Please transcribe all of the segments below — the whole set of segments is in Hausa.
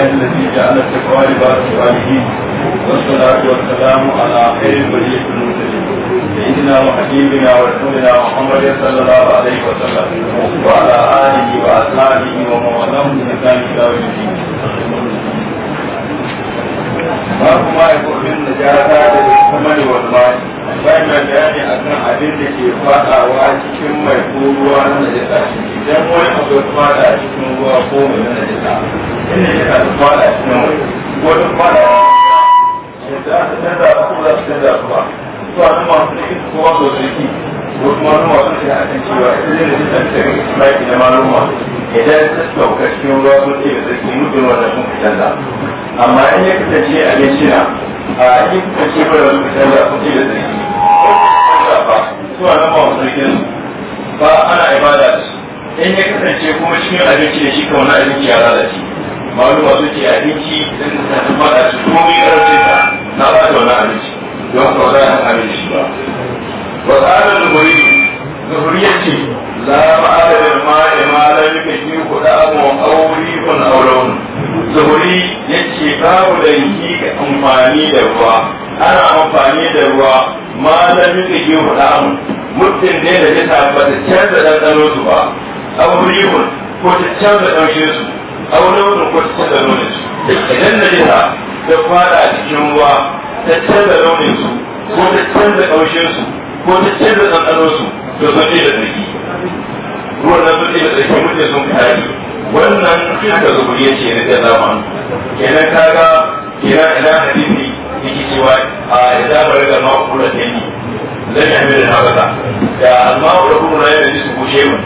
الله الذي جعل التقوى لباس الصالحين والصلاة والسلام على خير برية المرسلين سيدنا وحبيبنا ورسولنا محمد صلى الله عليه وسلم وعلى آله وأصحابه ومن والاهم بإحسان إلى يوم الدين babu ma ya komin da jata da kamar walmai bai mai bayani a kan abin da ke fadawa cikin mai ko ruwa na najisa idan wani abu ya fada cikin ruwa ko mai na najisa in najisa ta fada cikin mai ko ta fada cikin da ta canza su za su canza su ba su a nan masu rikin su kowa sosai ki ko kuma nan masu rikin a kan cewa ita ne najisa ta yi mai da malum masu idan ta sauka cikin ruwa sun ce da ke mutum wanda sun fi canza amma in ya kasance abinci na a in kasance ba da sun fi canza sun ce da tsarki su a nan ba wasu rikin ba ana ibada da su in ya kasance kuma cikin abinci da shi ka wani abinci ya lalace maluma su ce abinci idan ka sa sun fada su komai karfin na ba da wani abinci don ka da shi ba amfani da ruwa ana amfani da ruwa ma da nuka yi mu mutum ne da ya tabbata canza ɗanɗano su ba abu rihun ko ta canza ɗaushe su abu launin ko ta canza launin su idan da ya ta fada a cikin ruwa ta canza launin su ko ta canza ɗaushe su ko ta canza ɗanɗano su to sun ɗaya da tsaki ruwan nan sun da tsaki mutum sun kari wannan kinka da zuburiya ce na ta zama kenan kaga ina ina hadisi yake cewa a idza balaga ma qura tani zai amir da habata da alma'u da kuma ya yi su gushe mu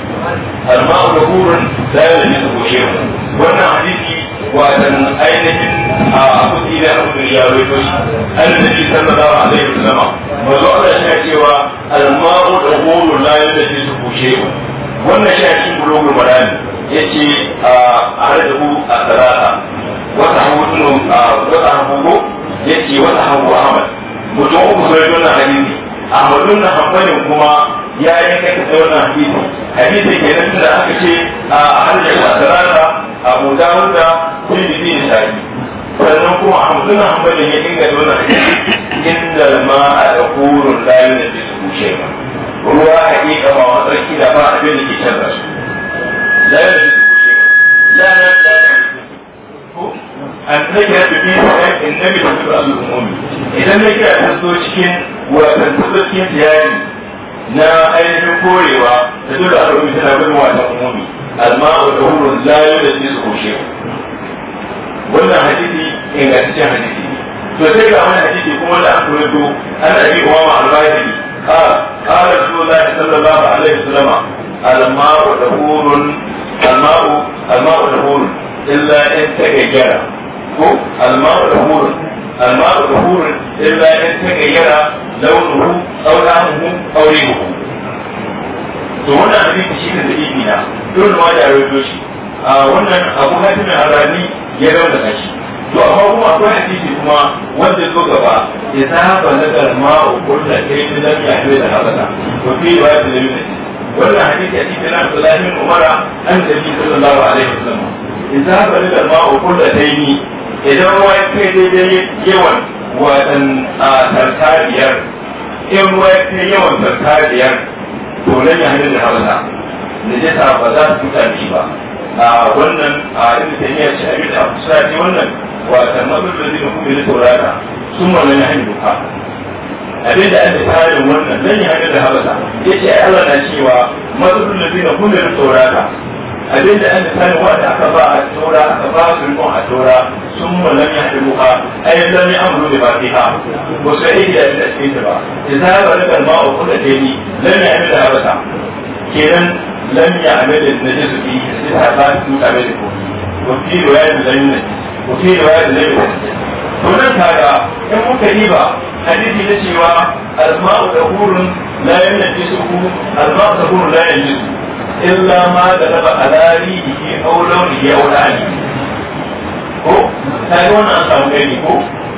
alma'u da kuma da ya yi su gushe mu wannan hadisi wadan ainihin a kuɗi da abu ya rawaito shi annabi sallallahu alaihi wasallam manzo Allah ya cewa alma'u da kuma la ya yi su gushe mu wannan shi a cikin bulugul marani yace a harajahu a salata wata hannu ah, wata hannu ya ce wata hannu ahmad mutum uku sai wannan hadisi ahmadun na hankalin kuma ya yi kaka sai wannan hadisi hadisi ke nan ah, da aka ce a hannun asirata abu dawuda bin bibi da shafi sannan kuma Ahmad na hankalin ya inganta wannan hadisi inda ma a da layu da bisu kushe ba ruwa hakika ba wani tsarki da ba abin da ke canza su layu da bisu kushe ba annaka da bi sai annabi da su alu ummi idan ne kira ta zo cikin wasan zo cikin tiyari na ainihin korewa da dole a rubuta tana bin watan ummi alma wa dahurun la yudati su kushe wannan hadisi ingantaccen hadisi to sai ga wani hadisi kuma da aka rubuto an abi umama al-bahili قال قال رسول الله صلى الله عليه وسلم الماء دهور الماء الماء دهور in ta تأجره ko almaru ɗahurun almaru ɗahurun illa in ta gayyara launuhu auramuhu aurehu to wannan abin shi ne da ibina dole ma da rawaito shi a wannan abu hatimin harani ya da shi to amma kuma akwai hadisi kuma wanda zo gaba ya saba na garma a kurta ta yi da ya fi da habata ko fi ba da limiti wannan hadisi a cikin nan da lahin umara an da bi sallallahu alaihi wasallam ya saba na garma a kurta ta idan ruwa ya kai daidai yawan wadan a tarkariyar in ruwa ya yawan tarkariyar to nan ya hannun da ya ta ba za su mutane ba a wannan a inda ta yi a shi da ya ce wannan wasan mabin da zai kuma da taurata sun wannan ya hanyar duka abin da aka tarin wannan nan ya hanyar da hamsa ya ce Allah na cewa mabin da zai kuma da taurata abin da an sani wanda aka ba a tura aka ba su rikon a tura sun malam ya haɗu ha ai lam ya amru da ba fiha ba su aiki da abin cikin ta ba idan ba da kalma a kuɗa ta yi lam ya amru da abasa kenan lam ya amru da na jisu bi sai ta ba su ta bai da ko ko fi riwaya da lam ne ko fi riwaya da lam Wannan to nan kaga in muka ba hadisi na cewa asma'u da hurun la yanjisu asma'u da hurun la yanjisu illa ma galaba ala rihi aw lawnihi aw la'ani ko sai wannan an samu gani ko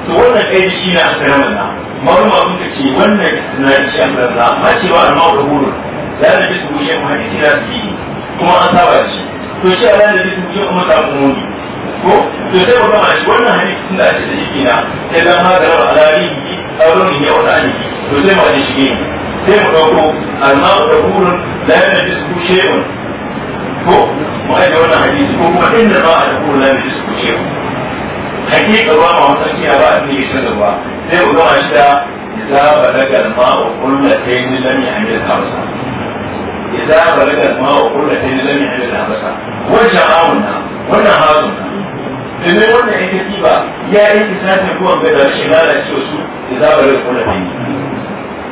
to wannan kai shi na karamin na marma sun ka ce wannan na shi an zanza amma ba a mawdu buru la da bisu mu muhaddisi na yi kuma an saba shi to shi a da bisu ya kuma ta umumi ko to sai ba ma shi wannan hadisi da ake da shi na illa ma galaba ala a aw lawnihi aw la'ani to sai ma shi gani sai mu ɗauko alma da burin da ya nabi su kushe mu ko mu aje wannan hadisi ko kuma inda ba a da burin da ya nabi su kushe mu hakika ba ma sarki ba a cikin shi da ba sai mu gama shi da idza balaga alma wa qullatayn lam yahmil hamsa idza balaga ma wa kulla ta qullatayn lam yahmil hamsa wajen awunna wannan hazunna domin wannan ita ba ya yi kisatin ruwan da shi lalace su idza balaga qullatayn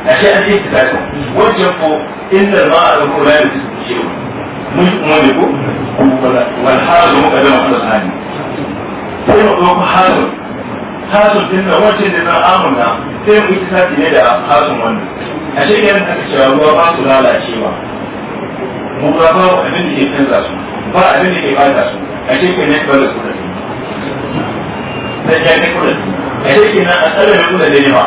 ashe an yi ta tashi wajen ko inda ma a zama la yanzu su ce mun kuma ne ko wal halu muqaddama ala sani sai mu zo halu halu din nan wace da na amuna sai mu yi tashi ne da halu wannan ashe idan aka cewa ruwa ba su lalacewa mu ba ba abin da ke canza su ba abin da ke bata su ashe kenan ba da su da sai ya ne kula ashe kenan a tsare ne kula da ne ma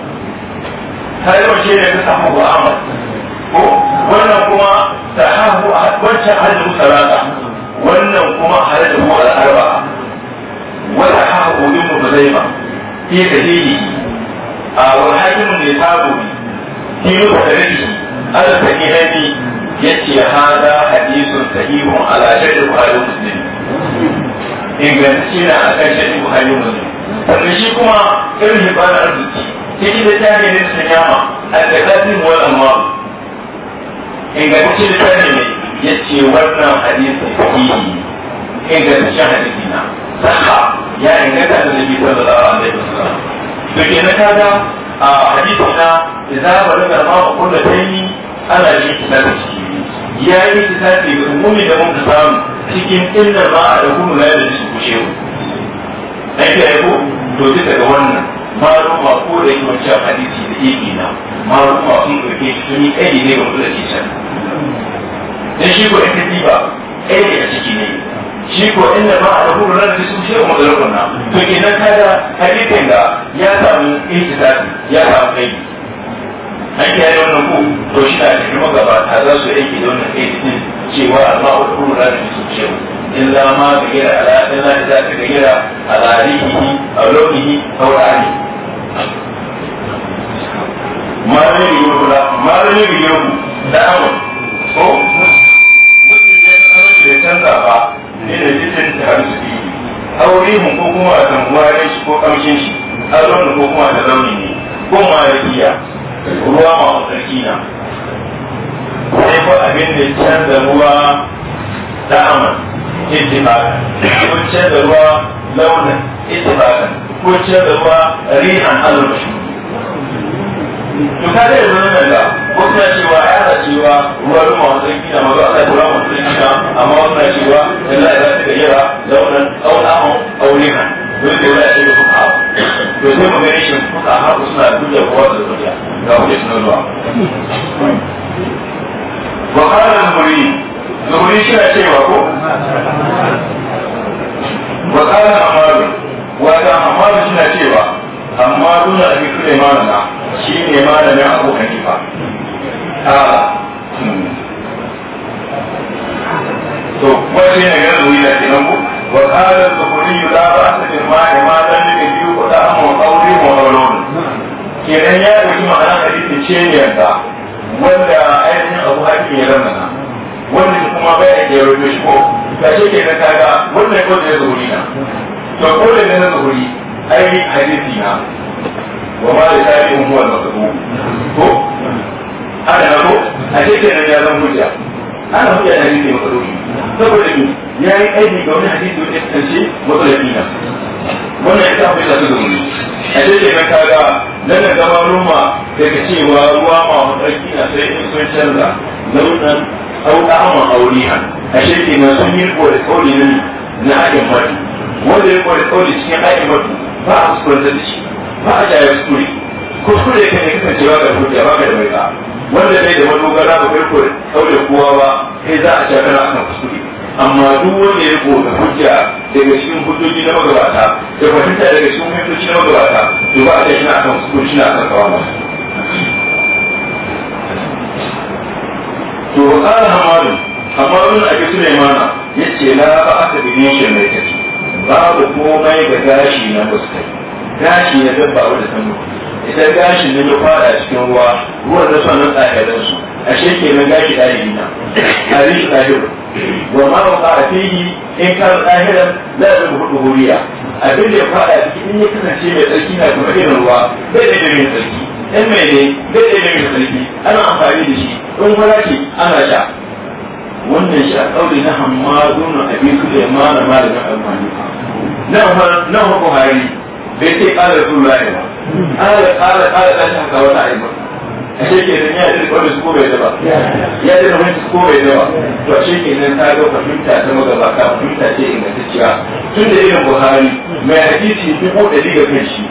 ta yi wace ne ta samu wa ko wannan kuma ta hahu a wancan hajji musalata wannan kuma hajji mu al'arba wata hahu din mu zalaima fi dalili a wani hakimin ne ta gobe fi musalati ala sahihani yace hada hadisun sahihun ala shaddi buhari muslim ingantacce na akan shaddi buhari muslim sannan shi kuma irin hibana arziki cikin littafi ne su kama al-qasim wal amma ingantaccen littafi ne ya ce wannan hadisi sahihi ingantaccen hadisi na saha ya inganta da nabi sallallahu alaihi wasallam to ke na kaga a hadisi na idza balaga ma kullu tayyi ana yi kitabi ya yi kitabi ga umumi da mun samu cikin illa ma da kullu na da shi kushe ai ko to duka ga wannan malum ma ko da yi wancan hadisi da yake na malum ma da ɗauke shi sun yi kai ne ga mutum da ke can dan shi ko in ka diba kai ne a ciki ne shi ko inda ba a rabu ran da sun shi a matsalar na to kenan kada hadisin da ya samu ihtisasi ya samu kai an kiyaye wannan ku to shi na gaba magabata za su aiki da wannan kai din cewa Allah wa kullu ran da su shi illa ma gaira ala illa da ta gaira ala rihi aw lawnihi aw ra'yi malami bi yau la malami bi yau da amu ko mutum ne an da canza ba ne da jikin da arziki aure mu ko kuma a tambuwa shi ko kamshin shi azon ko kuma da launi ne ko ma ya malikiya ruwa ma sarki na sai ko abin da canza ruwa da amu ittifaqa ko canza ruwa launin ittifaqa ko ce da ruwa rihan alwashi to ka da yanzu nan da wasu na cewa ya na cewa ruwa ruma wasu yanki na mazu ala kura wasu yanki na amma wasu na cewa yanzu a zasu da yara da wannan aunahun aunihan don da wani a ce da kuka hawa to sai mu gani shi kuka hawa suna duk da kowa da zuriya ga wani suna zuwa wa karar muri zuri shi na cewa ko wa karar amaru wata amma suna cewa amma duna abi Sulaiman na shi ne malamin Abu Hanifa a hmm. to wani ne ga kenan ku wa ma dan ne biyu ko da amma kenan ya ma'ana ce ne wanda ainihin Abu Hakim ya zama wanda kuma bai da shi ko kenan kaga wannan ya na to kole ne na zuhuri ai hadisi na wa ma da tabi mun huwa ko ana na ko a ce ke na jazan hujja ana hujja da hadisi masu saboda ni ya yi aiki ga wani hadisi wanda ya kasance masu lafiya wannan ya tafi da zuhuri a ce na kaga nan da daga cewa ruwa ma mafarki na sai in sun canza launin na sun yi da na wanda ya kore kauli cikin aiki mutu ba a kuskurantar da shi ba a jayar kuskure kuskure kan ya kasance ba ga hujja ba ga da mai ka wanda bai da madogara ba kai kore kauli kowa ba kai za a shakara akan kuskure amma duk wanda ya kore hujja daga cikin hujjoji na magabata da fahimta daga cikin hujjoji na magabata to ba a kai shi na akan kuskure shi na akan kawo masa to ƙara hamadun hamadun a ke sulaimana mana ce na ba a tafi ne shi mai tafi babu komai da gashi na muskai gashi na dabba wanda ta mutu idan gashi ne ya fara cikin ruwa ruwan da sanin da su a shekke na gashi ɗalibi na ɗalibi shi tsahiru wa ma ba a fihi in kan ɗahiran za a zama hudu huriya abin da ya fara cikin in ya kasance mai tsarki na kuma irin ruwa bai da mai tsarki in mai ne bai da mai tsarki ana amfani da shi in fara ce ana sha wannan shi a ƙauri na hamadun abi suleiman malamin almani na wa buhari bai ce ƙara rasulullahi ba ƙara da ƙara ƙara ɗan haka wata ayyuka a shekai nan ya jirka wanda su bai daba ya jirka wanda su bai daba to a shekai nan ta ga fahimta ta magabata fahimta ce ingantacciya tun da irin buhari mai hadisi dubu ɗari ga kan shi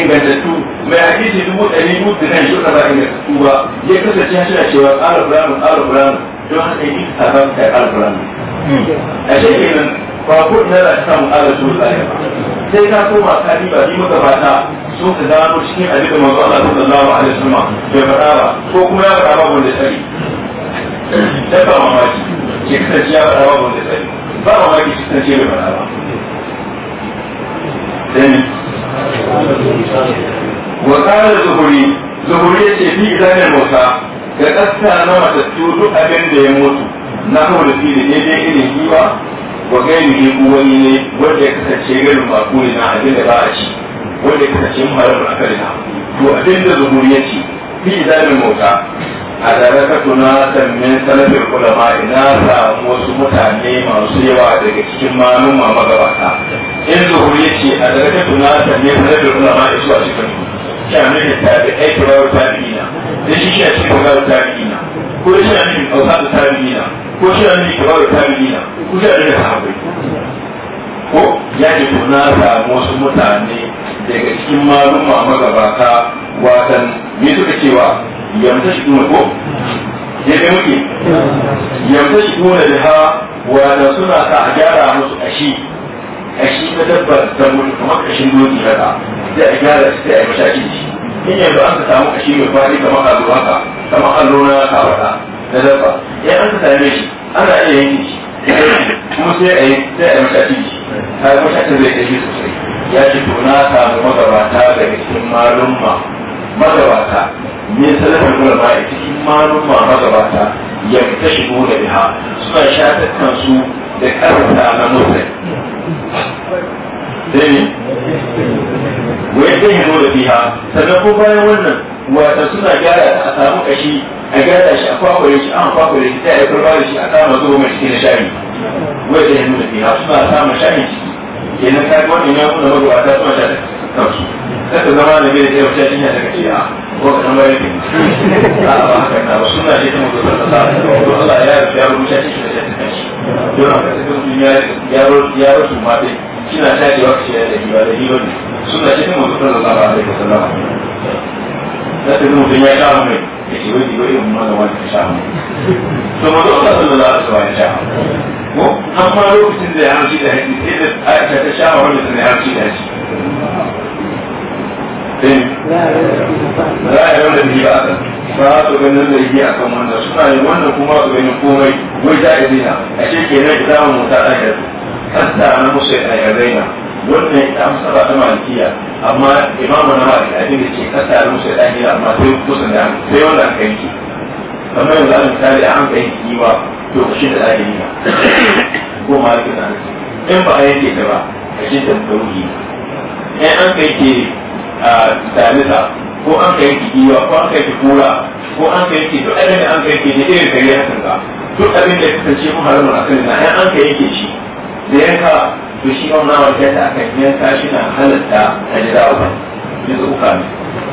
ingantattu mai hadisi dubu ɗari mutu kan shi ba ingantattu ba ya kasance shi na cewa ƙara fulanin ƙara fulanin don haka yi a kan kai alkurani a shekenan ba ko ina za samu ala su tsaya ba sai ka koma ka riba ni ba ta so ka gano cikin abin da manzo Allah sallallahu alaihi wasallam bai faɗa ba ko kuma ya faɗa ba wanda sai da ba mamaki ke kasance ya faɗa ba wanda sai ba mamaki ke kasance bai faɗa ba وقال الزهري زهري في إذان الموتى ga ƙasa na matattu duk abin da ya mutu na hau da fi da daidai irin giwa wa gairi ne wani ne wanda ya kasance garin baku ne na abin da ba a ci wanda ya kasance marar na to abin da zuhuri ya ce fi zamin mota a daraka tuna sannan salafin kulama ina samu wasu mutane masu yawa daga cikin manuma magabata in zuhuri ya ce a daraka tuna sannan salafin kulama isuwa cikin su shamin littafi ai kibaru tabi'ina da shi shi a cikin kibaru tabi'ina ko shi a cikin ausatu tabi'ina ko shi a cikin kibaru tabi'ina ko shi a cikin sahabbai ko ya ce ko na samu wasu mutane daga cikin maluma magabata watan me suka cewa yamta shi kuma ko ya ga muke yamta shi kuma da ha wanda suna sa a gyara musu ashi kashi ta dabbar dabbobi kamar kashin doki haka sai a gyara su sai a mashaki da shi in yanzu an ka samu kashi mai kwari kamar allo haka kamar allo na kawata na dabba in an ka same shi ana iya yanke shi kuma sai a yi sai a mashaki da shi har mashakin zai tafi sosai ya ce to na samu magabata daga cikin malumma magabata ne salafin ulama ya cikin malumma magabata ya ta shigo da biha suna shatar kansu da karfata na motsa. sai ne wai zai hido da biha sannan ko bayan wannan wata suna gyara a samu kashi a gyara shi a kwakwale shi an kwakwale shi sai a yi kurba da shi a kama zuwa mai cikin shari wai zai hido da biha suna samun shari ciki kenan ka ga wannan ya kuma rubu a tsaye da kansu kada zama da bai da wata jinya daga ce a ko kan bai a ba haka na ba suna ce ta mutu da ta ko Allah ya rubuta ya rubuta shi da kanshi don haka sai kun ya ya ya rubuta ma dai kina ta ce wata ce da hiwa da hiwa ne suna ce ta mutu da Allah ba da sallama da ta mutu ya sha mai da hiwa hiwa irin mana wani sha mai to mu zo Allah sallallahu alaihi wa sallam ko amma lokacin da ya hanci da haƙi sai da aisha ta sha wanda ta ya hanci da shi eh. za a yi wanda bai ba ba su ganin da yi a kan wanda suna yin wannan kuma su ganin komai wai za a yi a ce ke nan za mu mutu a yanzu hatta na musu ya ɗaya zaina wannan ita amsa ba ta malikiya amma imamu na malikiya abin da ke kasa na musu ya ɗaya amma sai kusa da sai wanda aka yanki kamar yanzu an misali a ka yanke giwa to ka shi da ɗari na ko ma ka na in ba a yanke ta ba ka shi da ɗauki in an ka yanke damisa ko an ka yanke giwa ko an ka yanke kura ko an ka yanke duk abin da an ka yanke ne irin kare ya kanka duk abin da kasance mu haramun a kan na in an ka yanke shi da yanka to shi ma na wata da aka yanka shi na halatta ta jira wa yanzu uka ne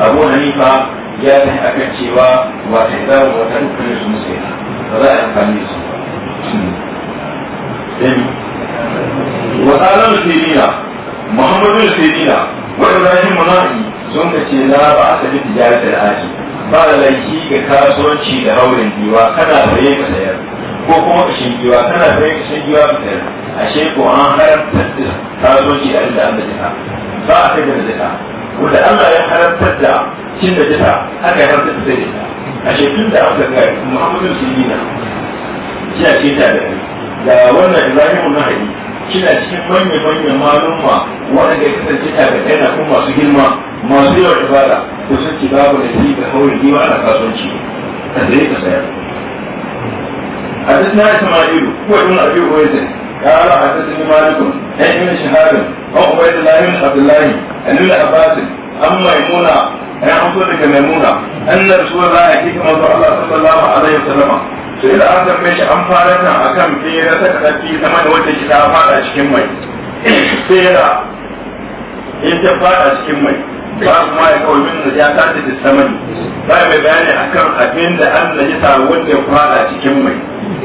abu hanifa ya ta akan cewa wata idan wata rukun su musu ba za a yi amfani da su wasalar sirina muhammadu sirina wanda rahim munafi sun ka ce na ba a sabi tijarar da aji ba da laifi ga kasuwanci da haurin giwa kana saye ka sayar ko kuma kashin giwa kana saye kashin giwa ka sayar ashe ko an haramta kasuwanci da inda an da jika ba a kai da jika wanda Allah ya haramtar da cin da jita aka yi haramtar da a shekun da aka ga Muhammadu na. kina ce ta da da wannan Ibrahim na hadi kina cikin manyan manyan malumma wanda ya kasance ta da kai na kuma masu girma masu yawan ibada ko sun ci babu da shi da haurin giwa ana kasuwanci ka sai ka sayar حدثنا اسماعيل هو ابن ابي اويس قال حدثني Malikun, ɗan yin شهاب an ubaid a ibn Abdullah an ibn Abbas an maimuna an amso daga maimuna anna rasulullah ya kika Allah sallallahu alaihi wasallam sai an fara nan akan fira ta kafi sama da wanda shi ta fara cikin mai fira in ta fara cikin mai ba kuma ya kawai min ya tashi da samani ba mai bayani akan abin da an da ya wanda ya cikin mai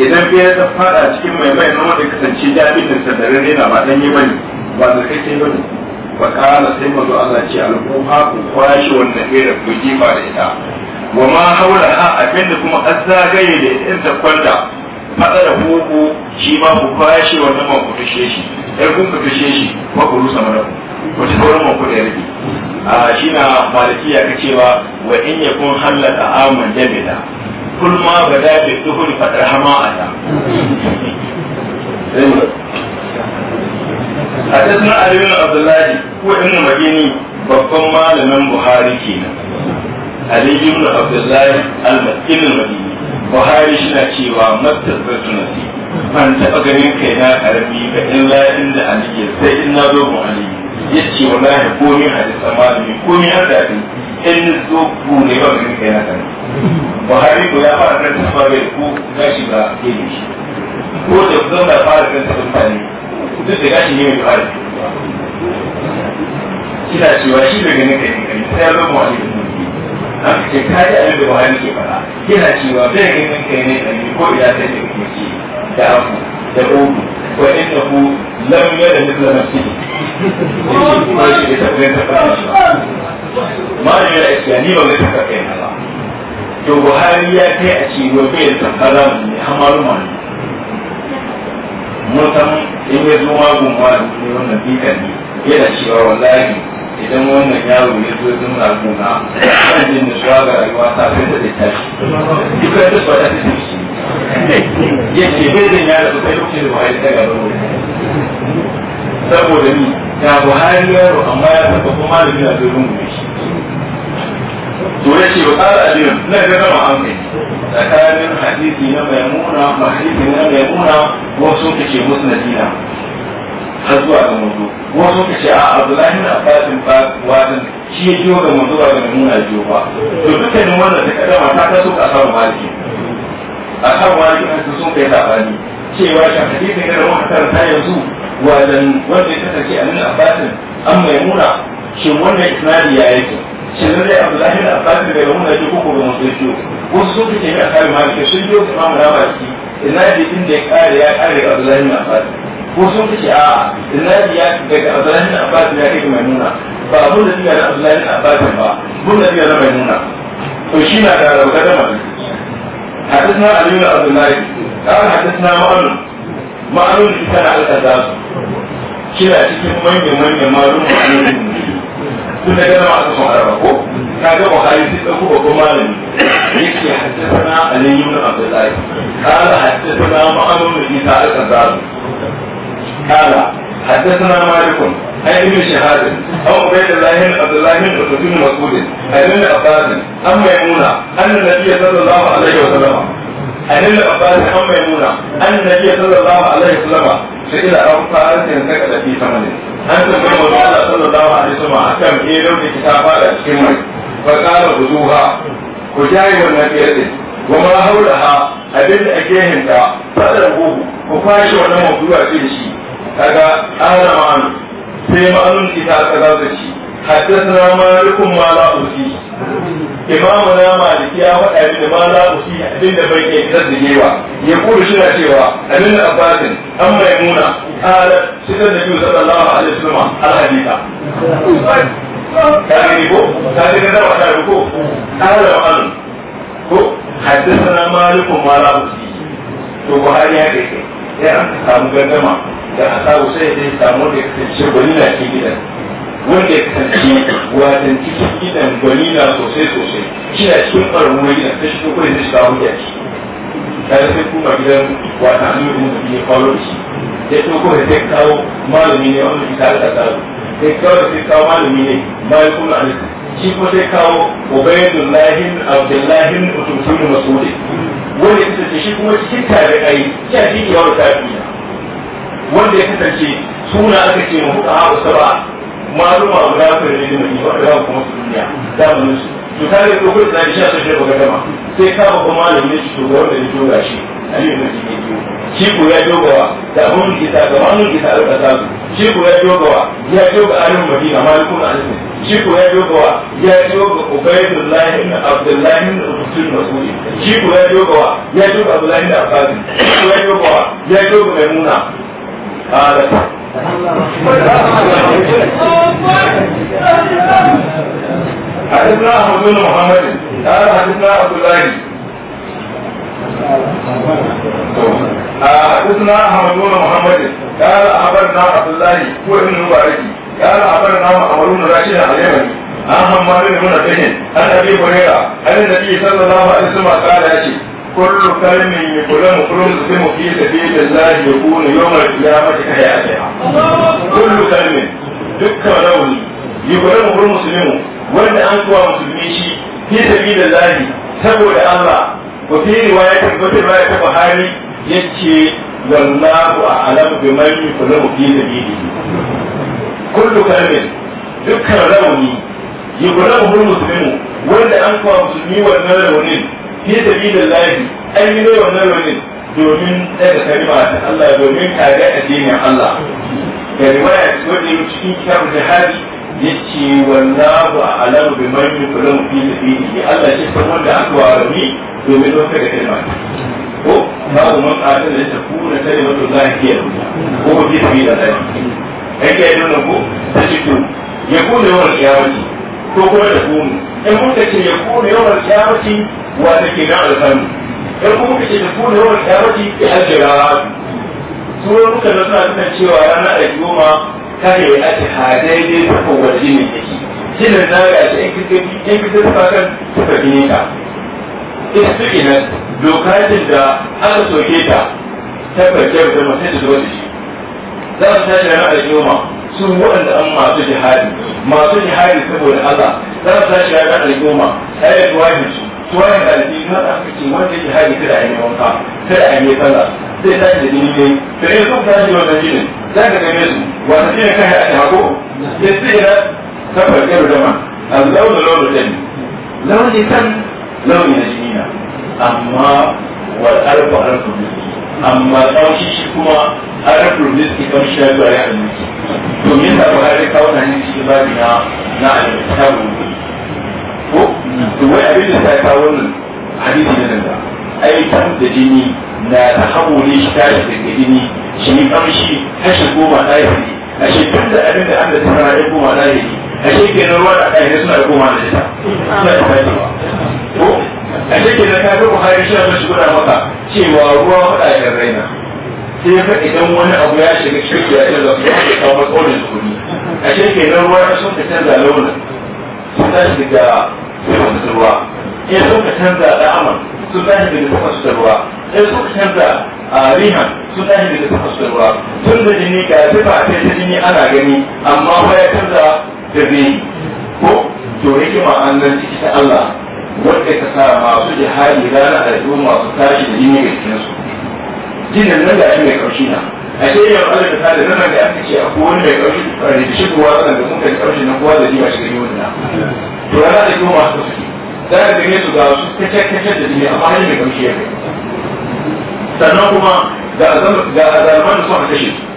idan bai ta fara cikin mai na wanda kasance jami'in ba dan yi bane ba da kai sai bane fa kana sai manzo Allah ce alquha ku kwashi wannan hira ku jifa da ita wa ma haula ha abinda kuma azzagaye da in ta kwanta fada da huku shi ma ku kwashi wannan man ku tushe shi ai kun ku tushe shi ba ku rusa mana ku ci sauran man ku da yarki a shi na malikiya ka ba wa in yakun halaka aman jabida kulma bada bi tuhuri fadarhama ata حدثنا علي بن Abdullahi ko in ابن مديني babban malamin Buhari kenan Ali ibn Abdullahi, al-Makkini al-Madini Buhari shina cewa mattabbatu nasi ban taba ganin kai na karbi ga illa inda Ali ya sai in na zo mu Ali yace wallahi komi hadisa malami komi har da din in zo ku ne ba ganin kai na karbi Buhari ko ya fara karanta ba ko gashi ba ke shi ko da zan da fara karanta mutane duk da gashi ne mai fara kina cewa shi daga ne kai kai sai ya zama wani an ce kaji abin da Buhari ke fara. kina cewa bai ganin kai ne kai ko ya sai da kike ci da abu da ogu wa innahu lam yada mithla nafsihi ma shi da tabbata tabbata ma ne ya islami ba ne ta kai na ba to Buhari ya kai a cewa bai tabbata ne amma rumani mutum in ya zo magun wani ne wannan bid'a ne yana cewa wallahi idan wannan yaro ya zo zan raguna zan jin nutsuwa ga rayuwa ta sai da ta tashi duka da su ta tashi yake bai zan ya da sai lokacin da Buhari ta gaba saboda ni ga Buhari yaro amma ya tabbata kuma da yana zo rungu to ya ce wa kala ajiyar na ga rama an kai tsakanin hadisi na mai maimuna mahadisi na maimuna wasu ka ce musu na dina har zuwa ga mutu wasu ka ce a abdullahi na abbasin wajen shi ya jiyo ga mutu ba ga maimuna jiyo ba to dukkanin wannan ta kadama ta taso ka samu maliki a samu maliki an su sun kai sabani cewa shi hadisin ga rama karanta yanzu wajen wanda ya kasance a nuna abbasin an mai maimuna shin wannan isnadi ya yake shi dai abdullahi da abbas mun da shi ko sun ciyo wasu kai kuma mun ina da din da kare ya kare abdullahi da abbas ko sun fice a ina da ya daga abdullahi da abbas ya kai maimuna ba mun da diga da abdullahi da abbas ba mun da diga da maimuna to shi na da rauka da maliki حدثنا علي بن عبد قال حدثنا مؤمن cikin manyan manyan malum ma'anonin tun da gama a cikin araba ko ka ga buhari sai ɗauko babban malami yake haddasa aliyu na abdullahi kala haddasa na ma'amun da isa ابن شهاب او عبيد الله بن عبد الله بن مسعود بن مسعود عن ابن عباس عن ميمونه ان النبي صلى الله عليه وسلم عن ابن عباس عن ميمونة أن النبي صلى الله عليه وسلم سئل أو قال سينتقل في ثمنه أن تنبه الله صلى الله عليه وسلم أحكم إيه لون الكتاب على الشمال فقال خذوها وجاي والنبي وما حولها أبن أجيهم تا فأدربوه وفاش ولا موضوع في الشيء kaga ana ma'anu sai ma'anun ita ka za ta ci حدثنا مالك ما لا أوصي إمامنا مالك يا أبن ما لا أوصي أبن بيت يكتد جيوا يقول شنا شيوا أبن أباس أم ميمونة قال سيدنا النبي صلى الله عليه وسلم الحديثة كان يقول كان يقول كان يقول قال وأن حدثنا مالك ما لا أوصي to Buhari ya kai sai an samu gangama da a sa sai wanda ya kasance wajen cikin gidan gwani sosai sosai kina cikin ƙwararru na gidan ta shigo kudin da shiga hujja ce ta da sai kuma gidan wata hannun da mutum ya kawo shi ya to kuma sai kawo malami ne wanda ke tare da tsaro sai kawo da sai kawo malami ne bayan kuma an shi kuma sai kawo ubaidullahi abdullahi mutumtun masudi wanda ya kasance shi kuma cikin tabi'ai ya shi ne yawon tabi'a wanda ya kasance suna aka ce mu fuka hawa saba maluma guda ku da ne mai wa da kuma su duniya da mun su to kare ko ko da shi a sai ba gama sai ka ba ne shi to wanda ya joga shi ali ne shi ke shi ko ya jogawa da abun kita ga manun kita da ta shi ko ya jogawa ya joga alim madina malikun alim shi ko ya jogawa ya joga ubaydullah ibn abdullah ibn usul masudi shi ko ya jogawa ya joga abdullah ibn abbas shi ko ya jogawa ya joga maimuna قالت حدثنا احمد بن محمد قال حدثنا عبد الله حدثنا احمد بن محمد قال اخبرنا عبد الله هو ابن المبارك قال اخبرنا عمر بن راشد اليمني عن حماد بن نبيه عن ابي هريره عن النبي صلى الله عليه وسلم قال يا شيخ كل كلمة يقول لهم كل مسلم في سبيل الله يكون يوم القيامة كحياة كل كلم دكا لون لهم كل مسلم وان أنتوا مسلمين في سبيل الله سبول الله وفي رواية كتب رواية بخاري يتشي والله أعلم بمن يقول لهم في سبيله كل كلم دكا لون لهم كل مسلم وان أنتوا مسلمين وان لونين fi da lahi an yi mai wannan raunin domin daga kalima ta Allah domin kare addinin Allah ga riwaya wanda yake cikin kitabul jihad yace wallahu a'lamu biman yukulamu fi sabilihi Allah shi san wanda aka warabi domin wata ga kalima ko babu man qatil da ta kuna kalimatu lahi ke ko fi sabilin lahi ake yi nuna ko ta ce to ya kuma yawan kiyamati ko kuma ta kuma in muka ce ya kuna yawan kiyamati wa da ke na alfanu in muka ce ya kuna yawan kiyamati ya ajira suwar muka da suna nuna cewa ranar al'umma kare ya ce ha daidai ta kowace ne take jinin na ga shi in kirkiri in kirkiri fakan suka gine ta ita suke nan dokacin da aka soke ta ta tabbatar da mutum da zuwa da shi za su tashi a al'umma sun waɗanda an masu jihadi masu jihadi saboda Allah za su tashi ya kan al'umma ayyar tuwahin su tuwahin da alfi na da wanda ya jihari jihadi kada a yi wanka kada a yi sallah zai tashi da jini yayi da yin sun tashi wannan jinin za ka game su wata ne kai a shago ya ya ta farkar jama a launin launin jini launin kan launin na jini na amma wa alfa alfa bisu amma kaushi shi kuma harafin riski kaushi ya zuwa ya halittu domin da buhari kawo na hadisi shi babi na na alikitabun wuri ko to wai abin da ta kawo wannan hadisi na nan da aikan da jini na ta da hamole shi tashi daga jini shi ne kamshi ta shi goma ɗahiri a shi tun da abin da an da ta sana ya goma ɗahiri a shi kenan ruwa da aka ɗahiri suna goma da ita suna da tashi ba ko a cikin na kafin buhari shi mashi guda maka cewa ruwa waɗannan raina sai ya idan wani abu ya shiga cikin ya ɗin da kuma ya kawo matsalin kuni a cikin na ruwa sun ka canza launin sun tashi daga sun ruwa in sun ka canza da'aman sun tashi daga sun ruwa in sun ka canza a rihan sun tashi daga sun ruwa tun da jini ga sifa ta jini ana gani amma ya canza da zai ko to yake ma'anar ciki ta Allah wanda ka sa masu jihadi rana da yau masu tashi da jini ga cikinsu jinin nan gashi mai kaushi na a ce yau Allah ta da nan da aka ce a ko wani mai kaushi a da shi kuwa sanan da mun kai kaushi nan kowa da jima shi gani na. to rana da yau masu suke da ka gane su ga su kacce-kacce da jini amma hanyar mai kaushi ya kai sannan kuma ga azalman da sun kashe su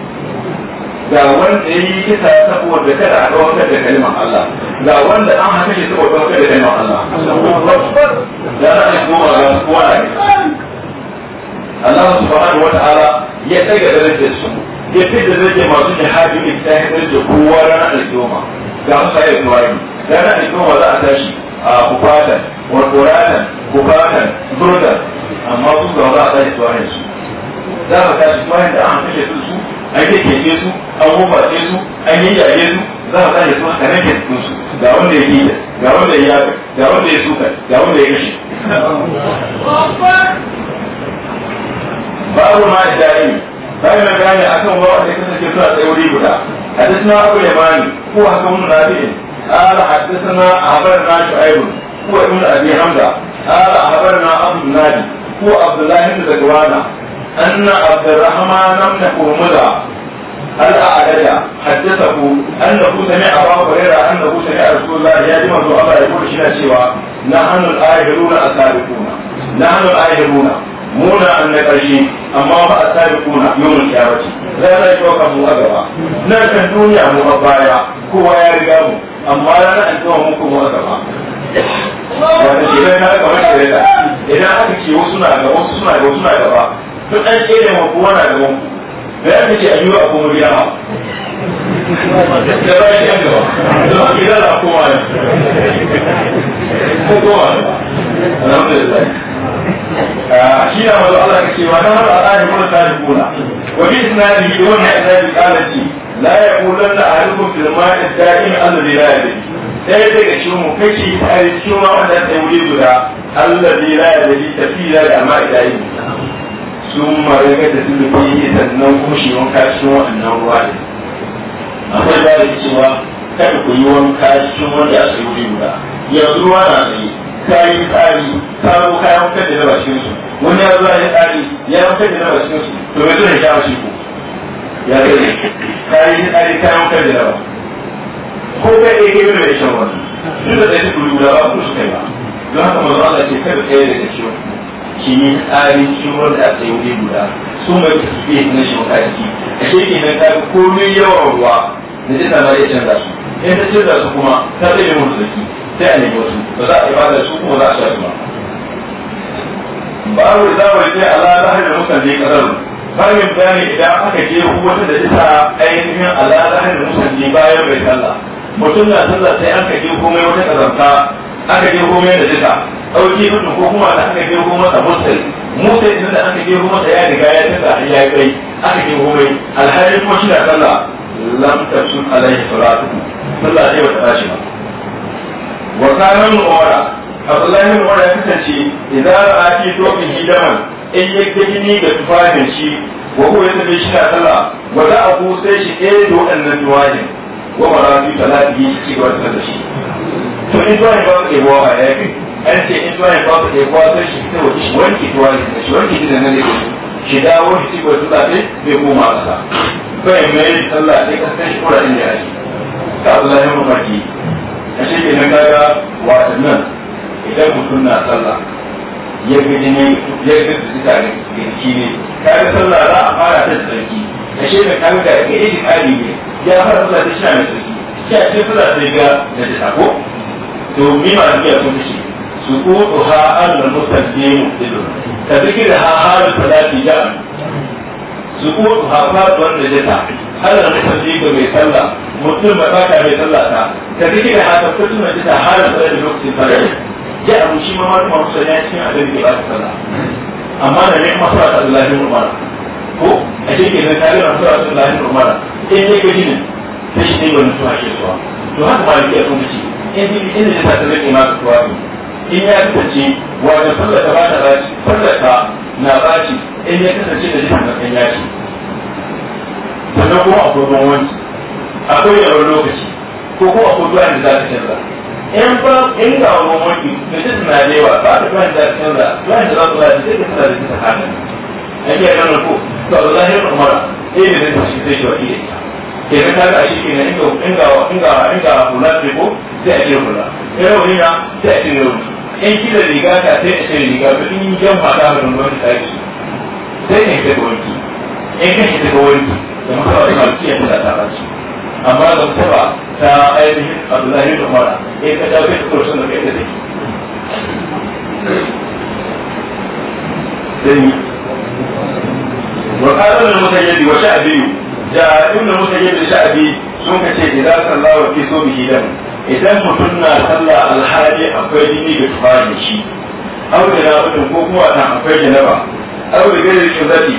ga wanda ya yi kisa saboda kada a ɗaukar da kalmar Allah ga wanda an haka shi saboda ɗaukar da kalmar Allah da za a goma ga kowa ne Allah subhanahu wa ta'ala ya da darajar su ya fi da darajar masu jihadi ne ta yi darajar kowa ranar alkiyoma ga musa ya tuwari ranar alkiyoma za a tashi a kufatan wa kuratan kufatan zurdan amma sun ga za a tashi tuwarin su za a tashi tuwarin da an kashe su an yi keke su an kuma ce su an yi yaye su za a sake suna kanakin su ga wanda ya gida ga wanda ya yaga ga wanda ya suka ga wanda ya kashe babu ma da dare bai na gane akan wawa da ya kasance suna tsaye wuri guda a ta suna abu ya bani ko a kan wani rabi ne a ala a hadda suna a habar na shu'aibun ko a yi wani abi hamza a ala a habar na abu nadi ko abdullahi da zagwana أن عبد الرحمن بن قرمزة قال أعجج حدثه أنه سمع أبا هريرة أنه سمع رسول الله يجمع أبا يقول شنا سوى نحن الآهرون السابقون نحن الآهرون muna annabashi amma ba a sabi kuna yau mun kyawa ce zai zai kyau ka muka gaba na kan duniya mu a baya kowa ya riga mu amma ran an tawa muku mu a gaba wanda ke bai na kamar shirya idan aka ce wasu na gaba gaba duk an tsere ma kowa na da wanku da ya ce ayyuka a kuma ma da ba shi an gaba da ba ki lala kowa ne ko kowa a shi na mazu Allah ka cewa na har al'adar mura ta da kuna wa bi sinadi da wannan isnadi kalaci la ya kulan da ahalukum fil ma'i da'im alladhi la yadri sai daga cikin mu kashi a cikin ma wanda wuri guda alladhi la yadri tafiya da ma'i da'im sun maraga da sun fi sannan kushe wanka cikin waɗannan ruwa ne akwai ba da cewa kada ku yi wanka cikin wanda aka yi wuri guda yanzu ruwa na tsaye ka tsari ka kayan ka yanka da raba cikin su wani ya zo ya tsari ya yanka da raba cikin su to bai zo ya shi ko ya kai ka tsari kayan yanka da raba ko ka iya gebe da shan wani duk da tsaye su wuri guda ba ku su kai ba don haka mazu Allah ce kada tsaye daga ciwon kini ari ciwon da aka yi wuri guda su mai su fiye na shi makaki a shi ke nan tafi komai yawan ruwa na zai sama ya canza su in ta canza su kuma ta zai mun mutu zaki sai a nemi wasu ba za a yi bada su kuma za a shafi ba babu zamar ce ala zahar da mutan zai kasar bayan bayani idan aka je wata da ita ainihin ala zahar da mutan bayan bai sallah mutum na sallah sai an ka je komai wata kazanta aka je ko da duka dauki ibn ko kuma da aka je ko masa mursal musa idan da aka je ko masa ya riga ya tsaka a ya kai aka je ko mai alhali ko shi da sallah lam tasu alaihi salatu sallah dai bata tashi ba wa kana min umara abdullahi min umara ya kasance idan ra'a fi tofin hidaman in ya gani ga tufafin shi wa huwa yadda shi da sallah wa za a ku sai shi ɗaya da waɗannan tuwajin wa fi talatihi shi ci gaba da shi to in zuwa ba su ɗebuwa ba ya kai an ce in zuwa ba su ɗebuwa sai shi ta waje shi wanke tuwa da shi wanke shi da nan da shi dawo shi ci su zaɓe bai koma sa bai mai sallah sai ka san shi kura ɗin da ake ta Allah ya mafarki a shi ke nan kaga wasannan idan mutum na sallah ya ga jini ya ga su ta girki ne kaga sallah za a fara ta sarki a shi da kaga ga iri ne ya fara sallah ta shi na sarki ya ce sallah sai ga da ta ko domin ba biya sun ce su kuɗu ha annal musallimu ido ka zikir ha halu salati da su kuɗu ha fadu wanda ya ta annal musallimu mai salla mutum ba ta mai sallah ta ka zikir ha ta kuɗu mai ta halu salati lokacin sallah ya abu shi ma wani masu sanya cikin abin da ba ta salla. amma da ne masu ta Allah ne ko a cikin da tare masu ta Allah ne in ne gajinin sai shi ne wani suwa ke suwa to haka ba ya sun ce in in da ta zai ma ka tuwa in ya kasance wanda sallata ba ta baci sallata na baci in ya kasance da jikin da kan yaci sannan kuma akwai bambanci akwai yawan lokaci ko kuma akwai duwa da za ta canza in ba in ga wani mulki da jikin na da yawa ba ta duwa da za ta canza duwa da za ta ba da jikin da jikin ta hannun iya ganin ko to a zahirin umara ɗaya da zai ta shi zai shi wa iya ke nan kaga shi ne inda inda inda inda hula ce ko sai a ce hula sai rauni na sai a ce in kila riga ta sai a ce riga to in yi jan mata ga rungon ta ki sai ne ta wanki in ka shi ta wanki da mutawa ta malki ya ta ta ci amma ga mutawa ta ainihin Abdullahi da Umar eh ka dawo ta kursun da kai da take sai وقال ابن المسيب وشعبي da muka yi da sha'abi sun kace idan wa fi subhi dan idan mutum na sallah alhaji akwai jini da da shi aw da na mutum ko kuma na akwai janaba aw da gari zati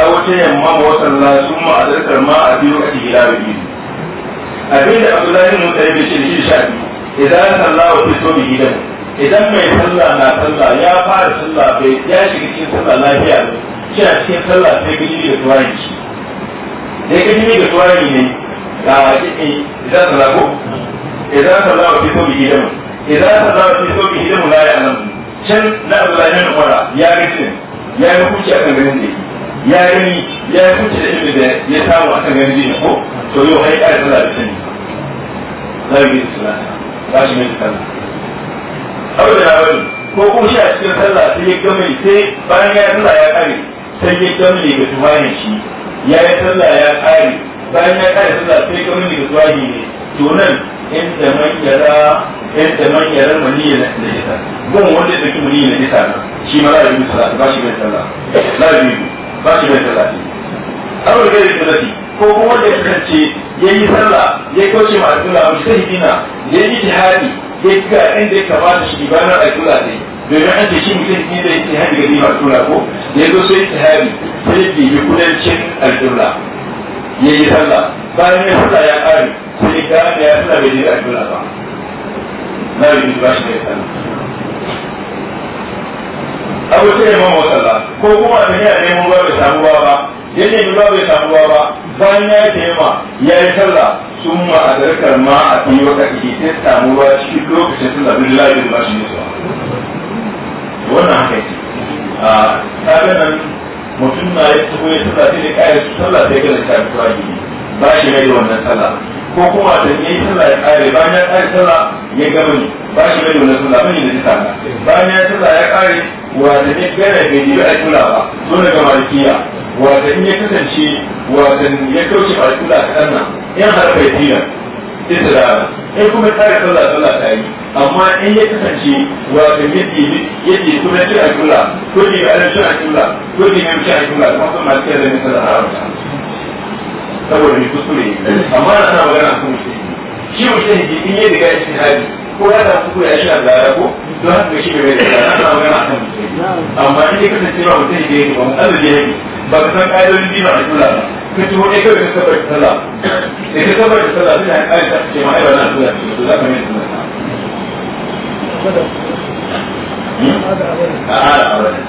aw wata yamma wa sallah sun a zarkar ma a biyu a cikin biyu abin da abdullahi tare da shi sha'abi idan wa fi subhi dan idan mai sallah na sallah ya fara sallah bai ya shiga cikin sallah lafiya ba yana cikin sallah sai gani da da shi ne ka jini da tuwari ne ga jiki idan sallahu idan sallahu fi so bi hidamu idan sallahu fi so bi hidamu la ya nan can na Abdullahi bin Umar ya ga cin ya ga kuci a garin da ya gani ya yi kuci da ilmi da ya samu akan garin da ko to yau ai ka sallah da sani zai yi sallah ba shi mai sallah abu da na ko kuma shi a cikin sallah sai ya gama sai bayan ya sallah ya kare sai ya gama ne ga tuwarin shi ya yi sallah ya kare bayan ya kare sallah sai kamar da zuwa ne to nan in da man yara in da man yara maniyya na da ita gun wanda da kuma niyya na ita shi ma za a yi sallah ba shi bai sallah za a ba shi bai sallah abu da ya sallah ko kuma wanda ya kasance ya yi sallah ya kauce ma alƙula mu sai hidina ya yi jihadi ya ga inda ya kamata shi ba na alƙula sai domin an ce shi mutum ne zai ta hadi gari masu tura ko ya zo sai ta hadi sai ke yi kudancin alƙibla ya yi sallah bayan ya sallah ya ƙare sai ya gane ya sallah bai je alƙibla ba na yi ba shi da ya sallah abu sai ya mamu sallah ko kuma a tafiya neman ruwa bai samu ruwa ba ya nemi ruwa bai samu ruwa ba bayan ya taima ya yi sallah sun ma a zarkar ma a fi wata ke sai samu ruwa cikin lokacin sallah bin lalin ba shi ne wannan haka yake kaga nan mutum na ya tafi ya sallah sai da kayar su sallah sai ga da kayar su wajibi ba shi mai wannan sallah ko kuma da ya yi sallah ya kare bayan ya kare sallah ya gama ni ba shi mai wannan sallah bane da sallah bayan ya sallah ya kare da ne gane bai ni a kula ba so daga malikiya wa da ya kasance wata ya kauce ba kula nan yan harfa ya tilan in kuma kare sallah sallah ta yi amma in ya kasance wato yadda yadda kuma shi a kula ko ne ba da shi a kula ko ne ba shi a kula kuma kuma ma ne amma ne in ya riga da kuku ya shi a ya kasance ba mutum ba ba ka san ƙa'idodin ba a kula ba kuma wani ya kai sabar da sallah da ke da sallah suna yin ayyuka su ce ma ayyuka na suna su za ka mai suna sa a ara a wani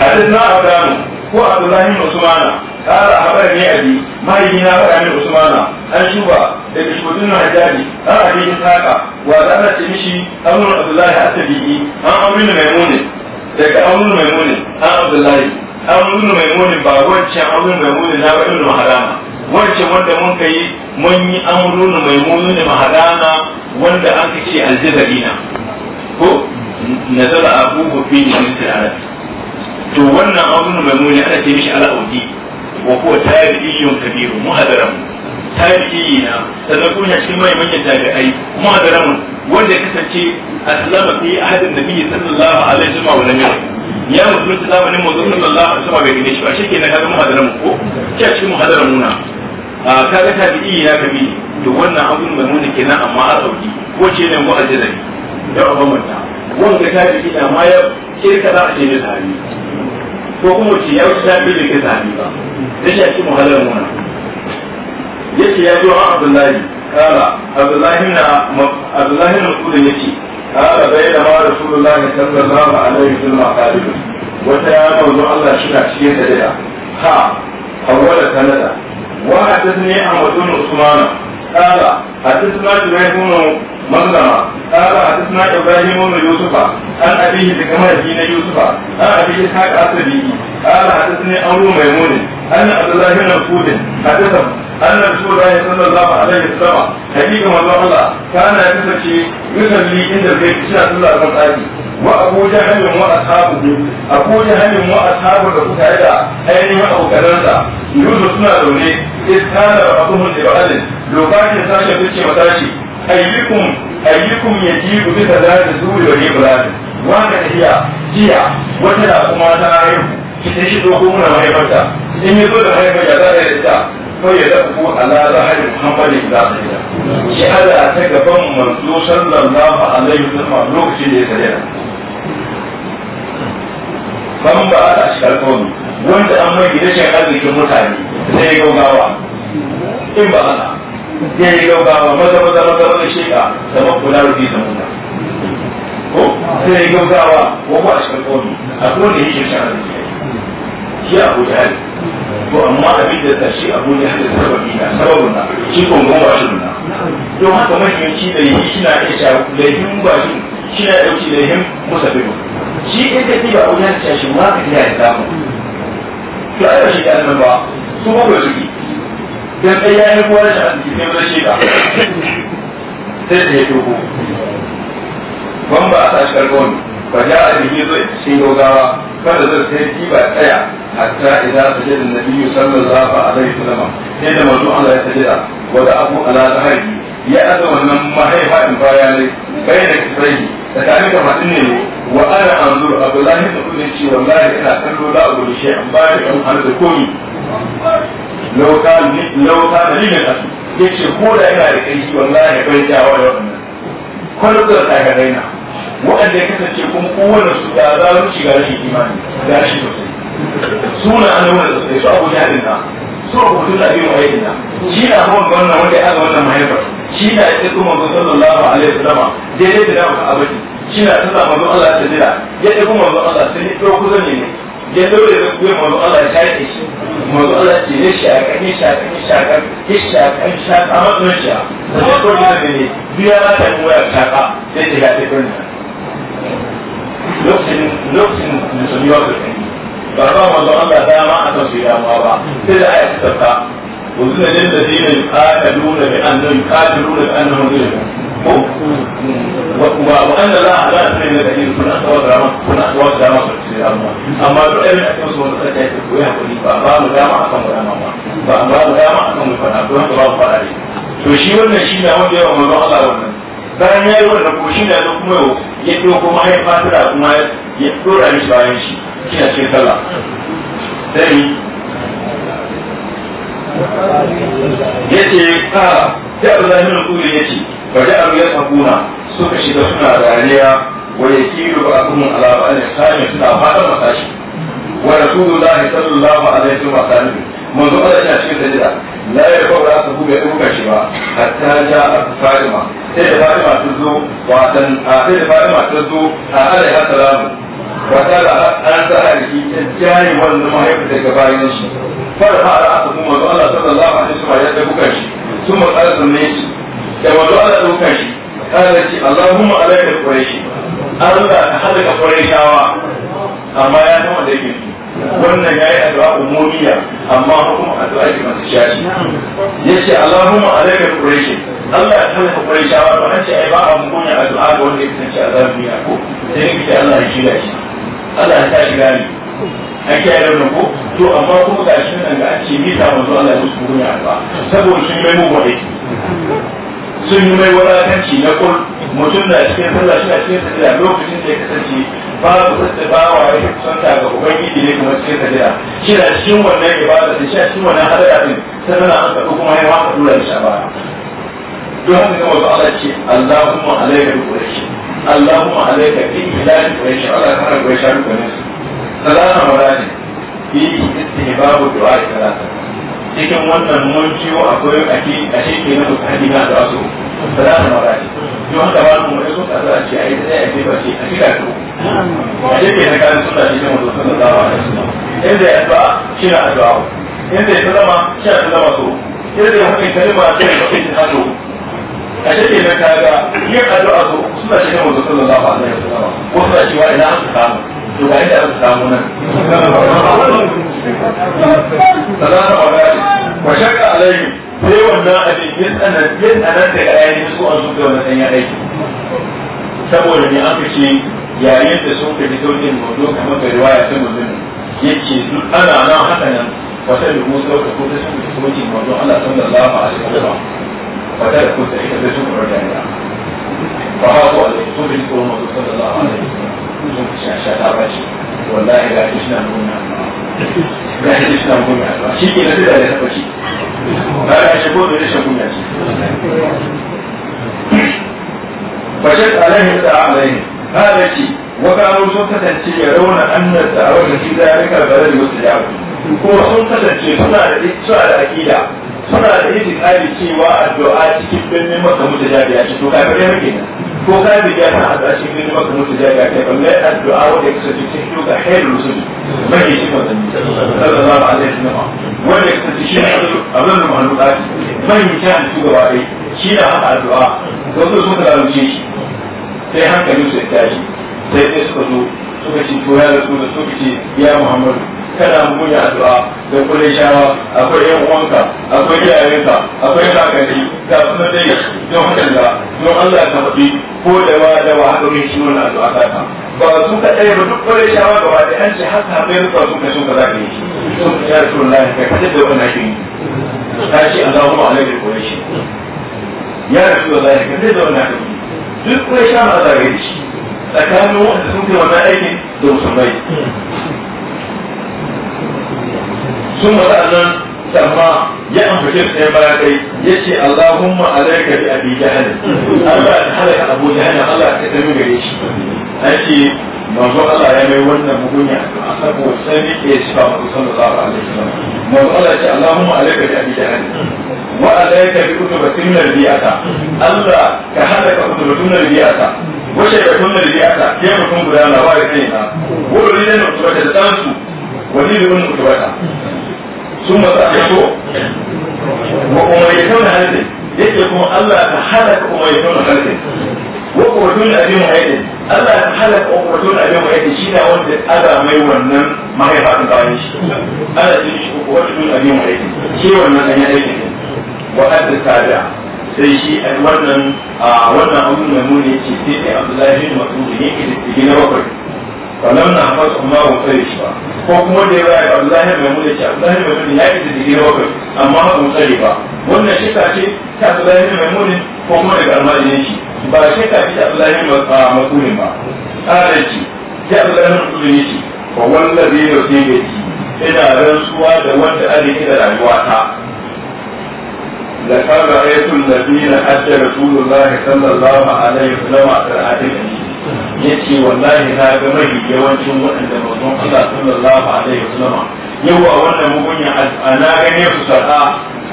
hadis na abdamu ko abdullahi usmana qala habarni abi ma yina abdullahi usmana an shuba da bishudin hajjaji a ah, abi isaqa wa zanna tishi amru abdullahi at-tabi'i ma ah, amru maimuni daga amrun maimuni an abdullahi amrun maimuni ba wancan amrun maimuni na ba ibnu harama wancan wanda mun kai mun yi amrun maimuni maharama wanda an ka kace aljazarina ko nazala abubu fi jinsil arab to wannan amrun maimuni ana ce mishi al'audi wa huwa Kabiru kabirun muhadaram tarihina na sannan kuma ya cikin mai manyan tabi'ai kuma da ramun wanda ya kasance aslama fi ahadin nabiyyi sallallahu alaihi wasallam wa lam ya musulunci zamanin mu sallallahu alaihi wasallam bai gane shi a shi ke na kaga muhadaran mu ko ce cikin muhadaran mu na kaga tabi'i ya gabi to wannan abun mai muni kenan amma a sauki ko ce ne mu'ajjalai da abun manta wanda tabi'i da ma ya kirka za a ce ne tabi'i ko kuma ce ya wuce tabi'i da ke tabi'i ba da shi a cikin muhadaran mu na yace ya zo a abdullahi kala abdullahi na abdullahi na kudin yace kala bai da ma rasulullahi sallallahu alaihi wasallam kalibu wata ya zo Allah shi na cikin sadaka ha awwala kanada wa hadathni ahmad usman kala hadathna ibrahim مظلمة قال حدثنا إبراهيم بن يوسف عن أبيه بكما دين يوسف عن أبي إسحاق قال حدثني أمر ميمون أن عبد الله بن مسعود حدثه Hannan su ko bayan sall zama a layin sama. Hadiza ma alahu ala. Kana ya fi sace, misalli, in jarɓe suna sallar ban tsaki. Wa Abuja hanyar wa'as hagu ne. Abuja hanyar wa'as hagu da kuka yi da abu kadarsa. Duk suna zaune. Ina da ra'akumin da ba'alin. Lokacin sashen fice masashi. Ayyukum ya ji duk inda zan yi suri da rigar rami. Wangan jiya. Jiya, wanda kuma ta yiwu. Kin shi tsoho mana mahaifanta. In ya zo da mahaifanta za فيدعو على رحل محمد الداخلة شهادة تكفم منذ صلى الله عليه lokacin da ya سيدنا ban ba a cikin komi wanda an mai gida shan arzikin mutane sai ya gaugawa in ba ana ya yi gaugawa maza maza maza maza sheka sama kula rufi da muna ko sai ya gaugawa ko ba a cikin komi a kowane yake shan arziki shi abu jahali to amma abin da ta shi abu ne hada sababi na sababin na shi kun goma shi na don haka mahimmanci da yi shi na ya sha mun ba shi shi na ɗauki laifin musafiru shi in ka tiba abu ya ta shi ma ka tiya ya samu to ai shi da nan ba su ba ko shi dan ya yi kowa da shi a cikin sai ba shi ba sai da ya dogo ban ba a sa shi فجاء به ضيف سيلوغاوا فلا زرتي تيبا تيا حتى إذا سجد النبي صلى الله عليه وسلم حين موضوع الله يسجد ودعه على ظهره ya asa wannan mahaifa in baya ne bai da kisrai tsakanin da ne wa ana anzur abdullahi da kudin ci wallahi ina kallo la abu shi an ba da kan da komi lauka lauka da lilin ko da ina da kai wallahi bai jawo da wannan kullu da ta ga daina waɗanda ya kasance kuma kowane su da zaru gare shi imani da shi sosai suna an nuna sosai su abu jahilin na su abu mutum da biyu ayyukan na shi na hawan gwamna wanda ya ga wannan mahaifar shi na ya tsirkuma ga sallallahu alaihi daidai da damu abadi shi na ta zama zuwa Allah ta jira ya Allah zan ne ya da Allah ya shi Allah ce ya a matsayin shi a نفس نفس نسميه الحديث فالرغم أن الله داما أتوا سيئا مرة تلك آية تتبقى وزن للذين يقاتلون بأنهم يقاتلون بأنهم ظلموا وأن لا لا تبين الدليل كن أخوات راما كن أخوات راما سيئا مرة أما العلم أتوا سيئا مرة تلك آية تتبقى فأمام داما أتوا راما فأمام داما أتوا راما فأمام داما أتوا راما to shi wannan shi na wanda yawa manzon Allah wannan bayan ya yi wannan ko shi na zo kuma ya ɗauko mahaifa da kuma ya ɗora mishi bayan shi shi kina cikin sallah sai ya ce ka ta azamin kuri ya ce ba da abu ya sabuna suka shiga suna dariya wa ya kiro ba kuma alaba ne sami suna fada masashi wa rasulullahi sallallahu alaihi wa sallam manzo Allah yana cikin sajida la ya fa ra su bai duka shi ba hatta ja Fatima sai da Fatima ta zo watan a sai da Fatima ta zo a alaiha salam wata da an sa aliki ta jaye wannan mahaifa daga bayan shi farfa ra'atu manzo Allah sallallahu alaihi wasallam ya duka shi ثم قال سميت كما قال دوكا شي shi. شي اللهم عليك قريش الله حلق قريشاوا amma ya san wanda yake wannan ya yayi addu'a umumiya amma hukum addu'a ce masu shashi yace Allahumma alayka quraish Allah ya tsare quraish a ba an ce ai ba a mun ya addu'a ga wanda ya yake a azabi ya ko sai ki Allah ya shiga shi Allah ya tashi gani an kiyaye da ko to amma kuma ga shi nan ga ake bi ta manzo Allah ya musu mun ya addu'a saboda sun mai mu gobe sun yi mai wadatanci na kul mutum na cikin sallah shi na cikin sallah lokacin da ya kasance babu sanda bawa ya kusanta ga ubangiji ne kuma cikin sajada shi na cikin wannan ibada da shi a cikin wannan hadara din sai tana an karɓi kuma ya maka dura da shaba don haka kawai ba Allah ce Allahumma alayka bi quraish Allahumma alayka bi ilahi quraish Allah ka karɓi quraish da ne salama marani bi istihbabu du'a salata cikin wannan mun ciwo akwai a cikin na mutahadi na da su salamun marari don haka ba mu wani sun kasa ce a yi ta yake ba ce a shiga to a ce na kayan suna shi ne mutum sun da zawa da suna inda ya ba shi na addu'a inda ya zama shi na zama so inda ya hukunta kalma shi ne mutum ta so a ce na kaga yin addu'a so suna shi ne mutum sun da zawa da suna ko suna shi wa ina aka samu to ga inda aka samu nan salamun marari wa shakka alaihi sai wannan abin yin tsanar yin tsanar da ayyukan su an zuwa wani sanya aiki saboda ne an fice yayin da sun ka fito din mutum kamar bai riwaya ta mutum yace duk ana nan haka nan wata da musu da ko ta sun fito din mutum Allah sallallahu alaihi wasallam wata da ko ta ita da sun fara da fa ha ko da to bi ko mutum sallallahu alaihi wasallam sun ci shata bace wallahi ga kishna nuna ga shi suna gunya ba shi ke na duka da tabbaci ba ga shi ko ce bashir alaihi da alaihi hada ce wakaru sun kasance ya rauna annar da awar da shi bare da wasu sun kasance suna da suna da akida suna da itikadi cewa addu'a cikin birnin masa mutajabiya ce to kafin ya rike nan ko kai bi ya da shi ne maka mutu da ga kai balle addu'a wanda yake cikin ko ga hayar rusul bai shi ko dan sallallahu alaihi wasallam wanda yake cikin shi abin da mahalukat bai yi ta shi gaba dai shi da haka addu'a su sun da rubuce shi sai hankali su ya tashi sai sai suka zo suka ce to ya da suka ce ya muhammadu kana mugun addu'a da kullun shawa akwai yan uwanka akwai iyayenka akwai kakanni ga kuma dai don hakan da don Allah ka faɗi ko da ma da wa haka mun shi na addu'a ta ba su ka tsaye ba duk kullun shawa ba da an ce haka mai rufa su ka shuka za ka yi ya rasu wallahi ka kace da wannan shi ta kuma Allahumma alaihi wa shi ya rasu wallahi ka kada da wannan shi duk kullun shawa za ka yi shi tsakanin wanda sun kai wannan aikin da musulmai ثم سألنا سما يا أم بشر يا ملاكي يشي اللهم عليك بأبي جهل الله حلق أبو جهل الله كتمي بريش أشي manzo ya mai wannan mugunya a saboda sai ke shi ba ku san da alaihi wasallam Allahumma alayka bi abi wa alayka bi kutubatin nabiyata Allah ka hada ka kutubatin nabiyata wa shay'atun nabiyata ya ne mutum da wani da wani utubata sun masu a kaso wa umaritau na halittin yake kuma Allah ta halaka umaritau na halittin wa kuwatun abin muhaidin Allah ta halaka kuwatun abin muhaidin shi na wanda ala mai wannan mahaifa ta bayan shi ana jin shi kuwatun abin muhaidin shi wannan an yi aikin wa adda tada sai shi wannan a wannan abin mai muni ce sai da Abdullahi bin Mas'ud yake da na bakwai falam na amma su ma wa shi ba ko kuma da ya rayu Abdullahi mai mun ce Abdullahi mai ya yi da dike bakwai amma ba mu ba wannan shi ta ce ta Abdullahi mai mun ko kuma daga almajirin shi ba shi ta ce Abdullahi mai makulin ba tsare shi ya shi shi ina rantsuwa da wanda ake kira rayuwa ta لقد رأيت الذين أتى رسول الله صلى الله عليه وسلم على الأدلة yace wallahi na ga mafi yawancin waɗanda mazan Allah sallallahu alaihi wasallama yau a wannan mugunya ana gane su sada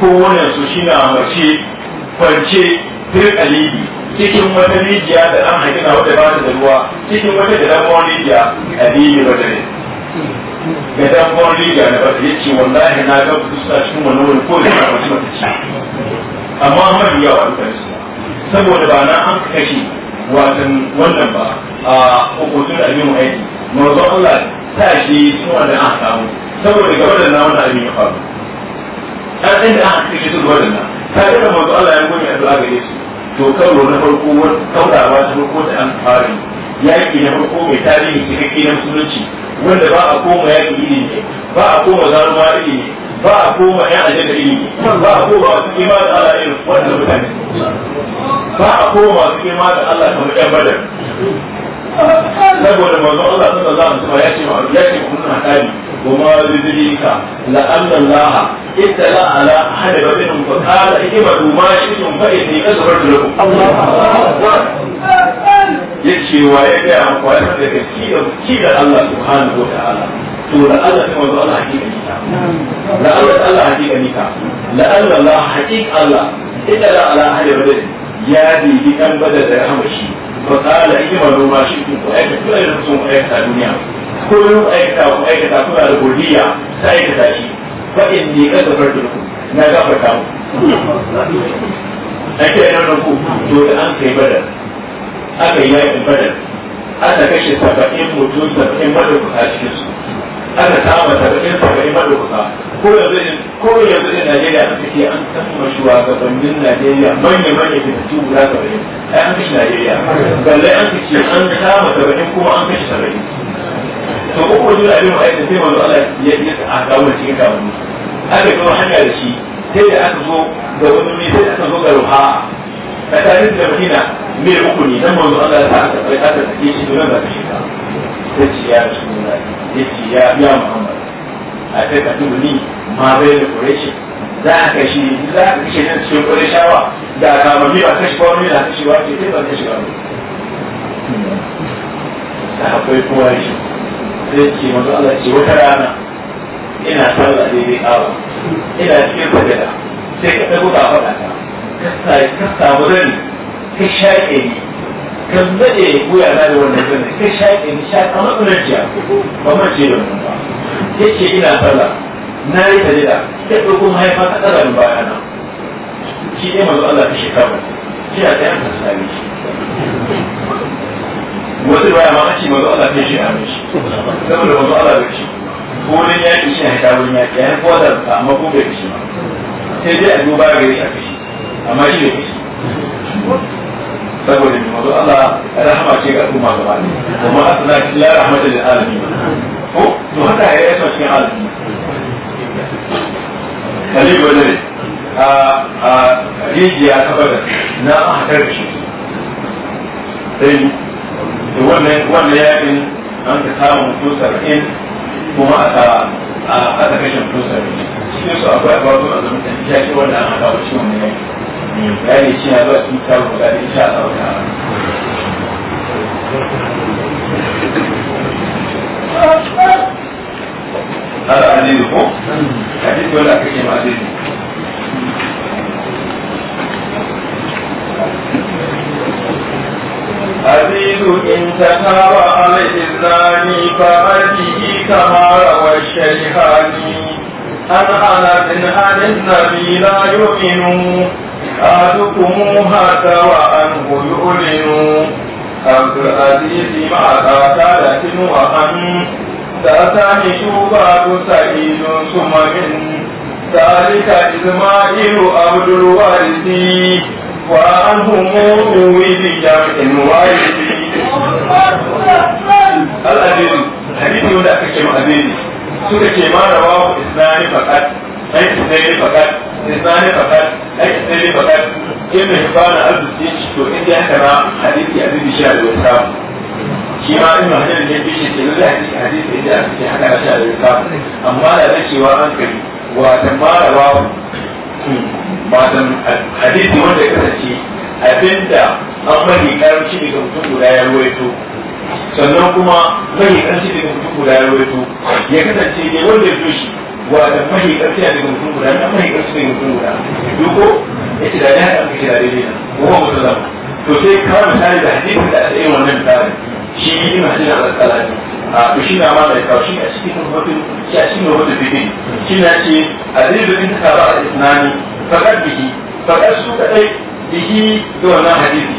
wannan su shine shina mace kwance firƙalibi cikin wata rijiya da an haƙina wata ba da ruwa cikin wata da dan wani rijiya a biyu wata ne ga damuwar rijiya da bata ya ce wallahi na ga fuska cikin wani wani ko da ba mace mace amma mafi yawa an saboda ba na an kashe watan wannan ba a hukuncin da abin aiki manzo Allah ta shi cikin wanda an samu saboda ga wannan namu da abin ya faru an san da aka kashe su wannan ta da manzo Allah ya goyi addu'a gare su to kawo na farko wani kaurawa ta farko da an fara yaki na farko mai tarihi cikakke na musulunci wanda ba a koma yaki iri ne ba a koma zaruma iri ne ba a koma ya aje da ilimi ba a koma su ima da Allah irin wannan mutane ba a koma su ima da Allah kamar yan badar saboda manzo Allah sallallahu alaihi wasallam ya ce wa ya ce mun hakani kuma bizika la anna Allah ittala ala ahad bainum fa qala ibadu ma shi'tum fa inni kasabtu lakum Allahu akbar yace wa ya ga amfani da kaci da kaci da Allah subhanahu wa ta'ala to la Allah ne manzo Allah hakika la Allah Allah hakika ni ka la Allah Allah hakika Allah ittala ala ahad bainum ya bi kan bada da rahmashi فقال اجملوا ما شئتم وأيكت كل aikata تسوم أيكت الدنيا كل أيكت وأيكت كل الكلية سأيكت ne فإني قد غفرت لكم na gafarta mu ake yana nan ku to da an kai badar aka yi yakin badar aka kashe saba'in mutum saba'in badar a cikin su aka kama saba'in saba'in maɗauka ko yanzu in ko yanzu in Najeriya an kashe an ga shugabannin Najeriya manya manya fitattu guda saba'in ai an kashe Najeriya balle an kashe an kama saba'in kuma an kashe saba'in to ko ko jira abin ma'aikata sai manzo Allah ya ya ta aka wannan cikin kamun aka kawo hanya da shi sai da aka zo da wani ne sai aka zo ga ruha tsakanin da Madina mai uku ne dan manzo Allah ya sa aka tsaya aka tsake shi to nan da shi Sai ce ya rasu nuna ya ce ya biya muhammad a ta tafi ni ma bai da kureshi za a kai shi za a kashe nan cikin kureshawa da kama biyu a kashe kwanu yana kashe ba ce ba kashe ba ta akwai kowa shi sai ce mazu Allah ce wata rana ina sallah daidai kawo ina cikin sajada sai ka ɗago ka faɗa ka ka samu zani ka shaƙe ni kan zade ya koya na da wannan zan kai shaƙe ni shaƙa matsalar jiya ba ma ce da mun ba ya ce ina sallah na yi ta tajida ya ɗauko mahaifa ta tsara ni baya na shi ɗaya mazu Allah ta shekara shi a tsayan ta sami shi wasu ba ya mamaci mazu Allah ta shi a mishi saboda mazu Allah da shi ko wani yaƙi shi na hikarin yaƙi ya kowa da ta amma ko bai shi ba sai dai a duba gari a kashi amma shi bai kashi saboda mai mazo Allah rahama ce ga al'umma gaba ne kuma asna illa rahmatul lil alamin ko to haka ya yi cikin alamin kalli wani ne a rijiya ta bada na a hakar shi sai da wannan wannan yakin an ka samu mutum saba'in kuma aka aka kashe mutum saba'in cikin su akwai abubuwan da mutum ya ce wanda an haɗa wa ciwon yakin bayani shi na zuwa cikin kyawun bukari insha Allah ta'ala هذا عزيز فوق حديث ولا كريم عزيز عزيز إن تهار على الإذلان فأتيه كما روى الشيخاني أن أنس عن النبي لا يؤمن أدكموها سواء يؤلن الحديث مع الآثارة وأن تأتاني شوفات سعيد ثم من ذلك إسماعيل عبد الوارث وعنهم روي بجمع وارث الحديث حديث يوم ذاك الشيء سورة كما رواه إسنان فقط aiki sai ne fakat isnani fakat aiki sai ne fakat ibn hibban al-abdi shi to in ya haka na hadisi abin shi da wani samu shi ma ibn hajar ne bi shi ke lura hadisi hadisi da ake haka shi da wani samu amma da cewa an kai watan marawa watan hadisi wanda ya kasance abinda an mahi karanci daga mutum guda ya ruwaito sannan kuma mahi karanci daga mutum guda ya ruwaito ya kasance ne wanda ya fi shi wata mahi ƙarfi a daga mutum guda na mahi ƙarfi daga mutum guda duko ya ce da ya haɗa ka shirya daidai na kuma mutu zama to sai kawai misali da hadisi da aka yi wannan misali shi yi ma shi na alƙala ne a to shi na ma mai kawo shi a cikin mafi shi a cikin mafi bibi shi na ce a azizu in ta ba al-islami faɗar bihi faɗar su kaɗai bihi da wannan hadisi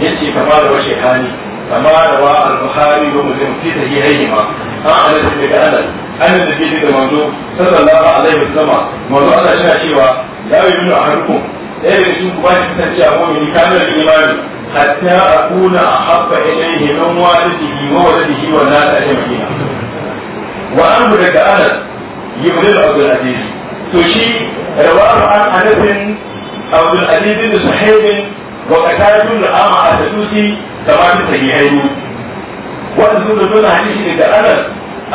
ya ce kamar da washe hani كما روى البخاري ومسلم في صحيحيهما عن انس بن انس ان النبي صلى الله صلى الله عليه وسلم موضوع الله شنا شيوا لا يؤمن احدكم ɗaya daga cikin kuma shi kasance a mu'mini kamar imani hatta akuna ahabba ilayhi min walidihi wa waladihi wa nas ajma'in wa an daga anas ibn abdul aziz to shi rawahu an waka ta yi ama a ta tusi da ba ta yi haihu wani sun da tun hadisi ne da anas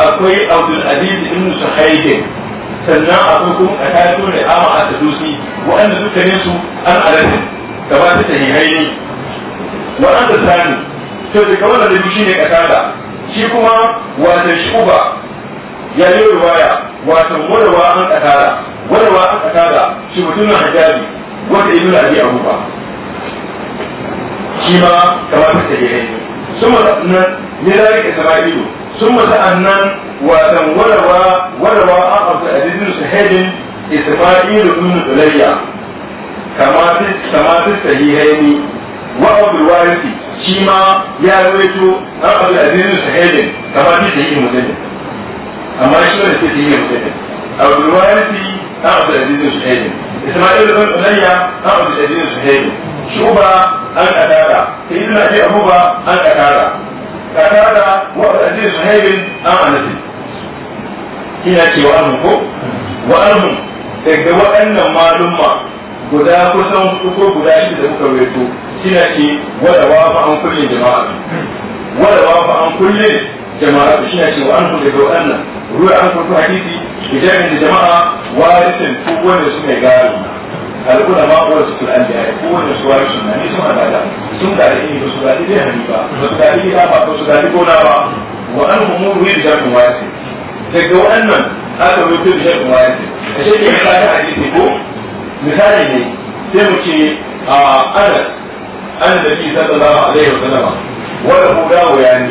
akwai abdul aziz ibn sahaihe sannan a kuma kuma ta yi tun ama a ta tusi wa'anda an alaɗi da ba ta yi haihu wa'anda sani to da kamar da ta ne kasada shi kuma wata shuba ya yi ruwaya wadawa an kasada wadawa an kasada shi mutum na hajjabi wata ibn abi abubakar shi ma kamar ta jere ne sun mata nan ne da rike sama'ilu sun mata annan watan warawa warawa an abu da adidin su hedin isma'ilu ibn dulayya kama fi sahihaini wa abdul warisi shi ma ya rawaito an abu da adidin su hedin kama fi sahihin musulmi amma shi ne sai sahihin musulmi abdul warisi an abu da adidin su hedin isma'ilu ibn dulayya an abu da adidin su hedin shuba an idan sayyidina abi abuba an katara katara wa aziz suhaib an anasi. anas ce cewa an ko wa alhum daga waɗannan malumma guda kusan uku guda shi da kuka reto shine ce wada wa fa an kulle jama'a wada wa fa an kulle jama'a shi shine ce wa an kulle da wannan ruwa an kulle hadisi idan jama'a warisin ko wanda suka gari. ko ma ko su kula da ko wani suwari sunna ne sun adada sun da ilimi ba su dadi dai hani ba ba su dadi da ba ba su dadi gona ba wa an umur wi da kun wasi daga wannan aka rubuta da kun wasi a shi ne ba da hadisi ko misali ne sai mu ce a ana an da bi sallallahu alaihi wasallam wa ko dawo yani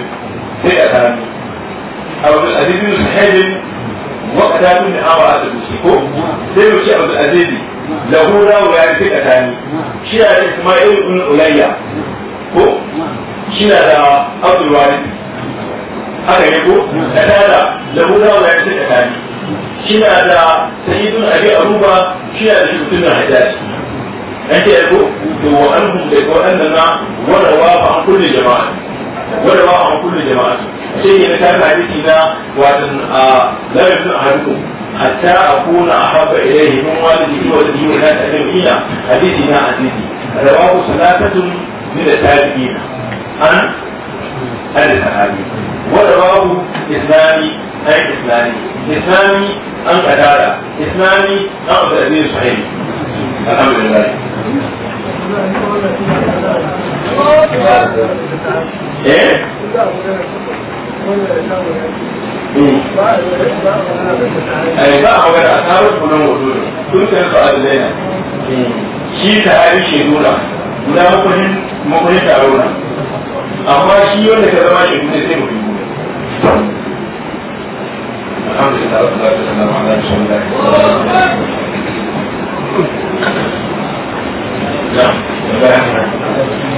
sai a tarani a wajen adibin sahibin وقتا من أمر أتبوسيكو سيرو شيء عبد العزيز له راو يعني في أتاني شيء إسماعيل بن أولياء ko shina da abdul haka ne ko da tada da huda wa ya tsaka tani shina da sayyidun abi aruba shina da shubtun hajjaj an ce ko to wa anhum ko an an jama'a sai ya ta hadisi na a lamin hadisi hatta akuna ahabba ilayhi min walidi wa dini wa ta jami'a hadisi na hadisi rawahu salatatun min an sahabi wa islami islami islami an islami an alhamdulillah eh ai ba a magana a tsarin sunan wato tun sai su a zaina shi ta hari shi nuna guda makonin makonin taro ta amma shi wanda ka zama shi ne sai ne alhamdulillah wa salatu wassalamu ala rasulillah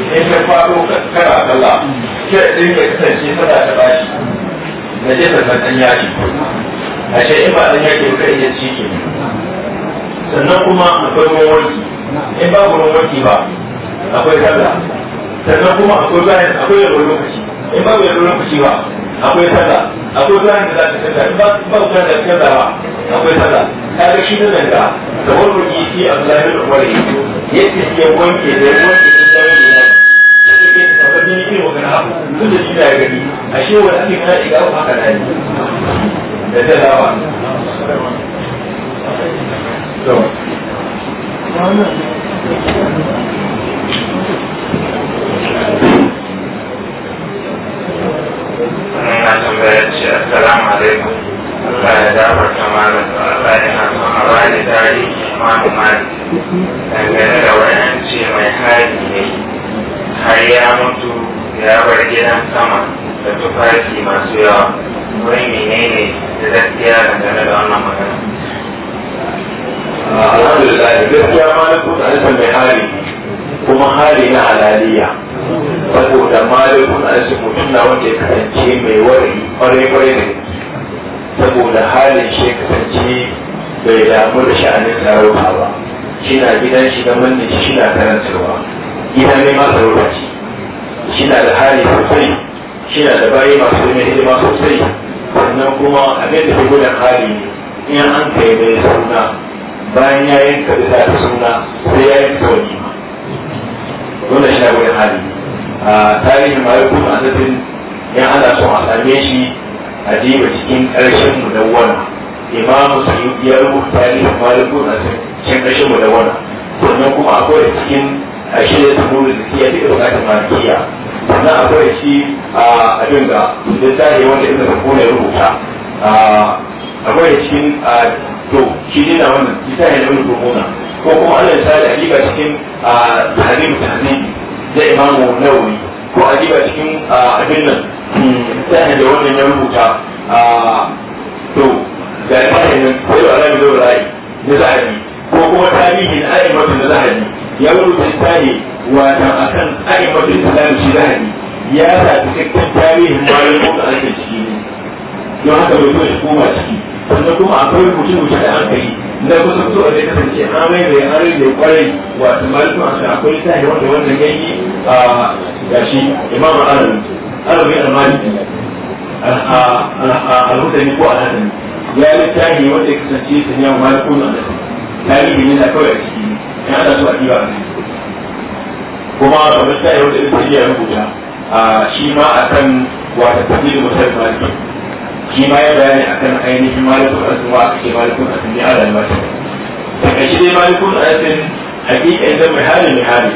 in ka faɗo kana sallah kira ɗin ka kasance tana ta bashi na je ta san yaki ashe in ba ɗan yaki ka iya ci ke sannan kuma akwai ruwan wanki in ba ruwan wanki ba akwai sallah sannan kuma akwai bayan akwai yawon lokaci in ba yawon lokaci ba akwai sallah akwai bayan da za ta sallah in ba ba bayan da ka sallah ba akwai sallah kaga shi nan da da wani ruki fi Abdullahi da Umar yake yake wanke da wanke ya yi irin wani abu tun da shi na ya gani a shi wani ake kana shiga abu haka na yi da dalawa to Assalamu alaikum. da ya bar gidan sama da tufafi masu yawa wani menene da gaskiya dangane da wannan magana ah, alhamdulillah gaskiya ma na kusa alifan mai hali kuma hali na halaliya saboda malikun alifan mutum na wanda ya kasance mai wari kwarai kwarai ne saboda halin shi ya kasance bai damu da sha'anin sarauta ba shi na gidan shi da manne shi na karantarwa gida ne ma sarauta ce shi na da hali sosai shi na da bayi masu yi hidima sosai sannan kuma abin da shigo da hali in an kai mai suna bayan ya yanka bisa da suna sai ya yanka wani ma dole shi na gudun hali a tarihin ma ya a azabin yan ana son a same shi a jiba cikin ƙarshen mu da wani imamu su ya rubuta tarihin ma ya kuma cikin ƙarshen mu da wani sannan kuma akwai cikin a shi ya tuno da ya fi bukatar malikiya sannan akwai shi a abin da littafi wanda ina sabo ne rubuta akwai shi a to shi ne na wannan littafi na ibn sabo ko kuma Allah ya da ajiba cikin tahzib tahzib da imamu nawawi ko ajiba cikin abin nan littafi da wannan ya rubuta to da ya fahimta sai da Allah ya zo ra'ayi za'a yi. ko kuma tarihi na a'immatul zahabi ya rubuta tarihi wato akan a'immatul islam shi zahabi ya sa cikakken tarihin malamin da ake ciki ne don haka bai so shi koma ciki sannan kuma akwai rubuce rubuce da an kai na kusa so da ya kasance amai da amai da kwarai wato malamin a akwai tarihi wanda wannan yayi a gashi imam al-arabi arabi al-maliki al-hudani ko al-hadani ya yi littafi wanda ya kasance sun yawan malikun al-hadani tarihi na kawai a ciki in da so a kiwa a cikin kuma kamar ta yau da ita ya rubuta shi ma a kan wata tafiyar musayar maliki shi ma ya bayani a kan ainihin malikun a asin wa ake malikun a asin ne da albashi daga shi dai malikun a asin hakika idan mai hali mai hali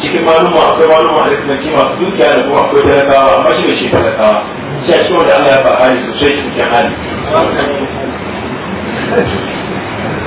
cikin malumma akwai malumma a rikimanci masu dukiya da kuma akwai talakawa amma shi da shi talakawa shi a cikin wanda Allah ya ba hali sosai cikin hali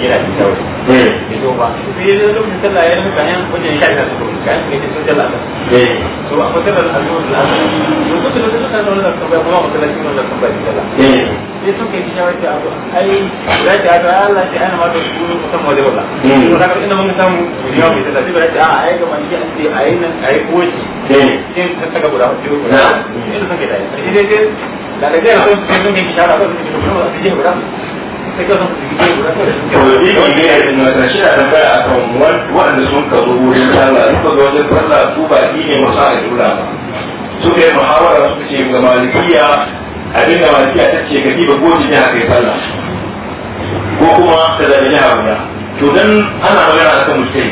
yana da sauri bai zo ba sai ya zo lokacin sallah ya nuka yan wajen sha ta su kayan su ne sun jalla ta a mutum da al'adun da al'adun to duk da duk kan wannan kan kuma mutum da kin wannan kan ba sallah sai sun kai kisha wata abu ai za ta ga Allah sai ana ma da su mutum wajen wala to da inda mun samu ya mai sallah ba ta a ai ga man shi an ce ai nan ai koji sai ta saka guda hudu guda sai sun kai da sai dai da da sun kai kisha da su ne guda ne da a kan waɗanda sun ka zo wurin sallah suka zo wajen sallah su ba shi ne masu a jula ba suka yi muhawara suka ce ga malikiya abin da malikiya ta ce gadi ba goji ne haka yi sallah ko kuma ta zaɓi ne hauna to dan ana magana a akan mutai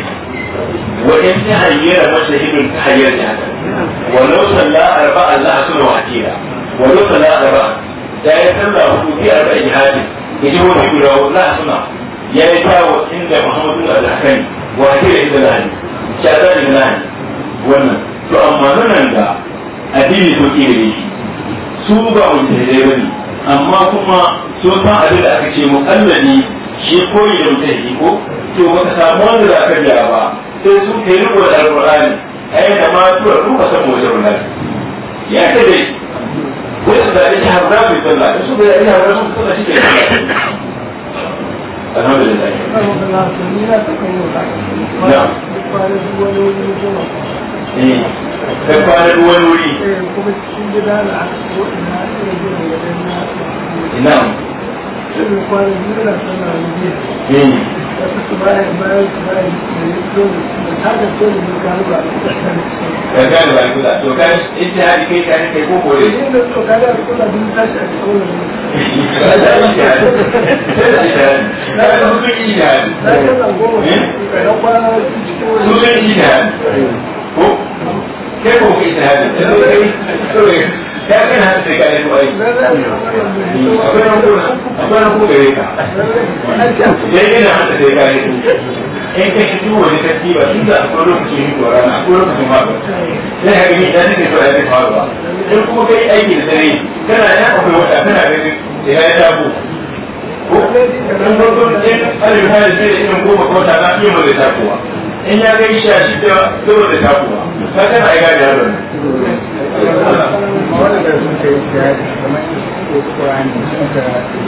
wajen ta hanyar masa hidin ta hanyar ne haka walau sallah arba Allah suna wa akira walau sallah arba da ya sallah hudu bi da hadin ya je wani guda wasu na suna ya yi tawo inda muhammadu da alhakani wa ke da ita lahani shata da lahani wannan to amma nan da addini so ke da shi su ba mu tare ba ne amma kuma so san abin da aka ce mu allani shi koyi da mutane ko to baka samu wanda za ka biya ba sai sun kai rubuta alqur'ani ai da ma tura ruka san wajen ya ta dai wanda ya ci hamza bai sallah da su bai ina hamza sun sallah shi ke alhamdulillah na da eh, kwanar wani wuri na Kekoke itihadi, kekoke itihadi. ya kai na da akwai lokaci ne ko rana akwai lokacin ma ba sai ka aiki da dare da ya yi dabo ko in gwamnati ne alifari sai da irin goma ko ta na iya mai in ya kai sha shida zama da takuwa ta kana ai kai ko ka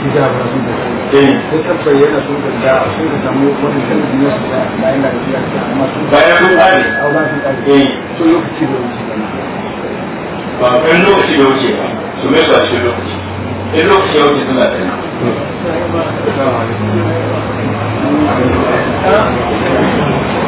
hijab da sun da ne eh. eh. ba kan lokaci suna Thank you.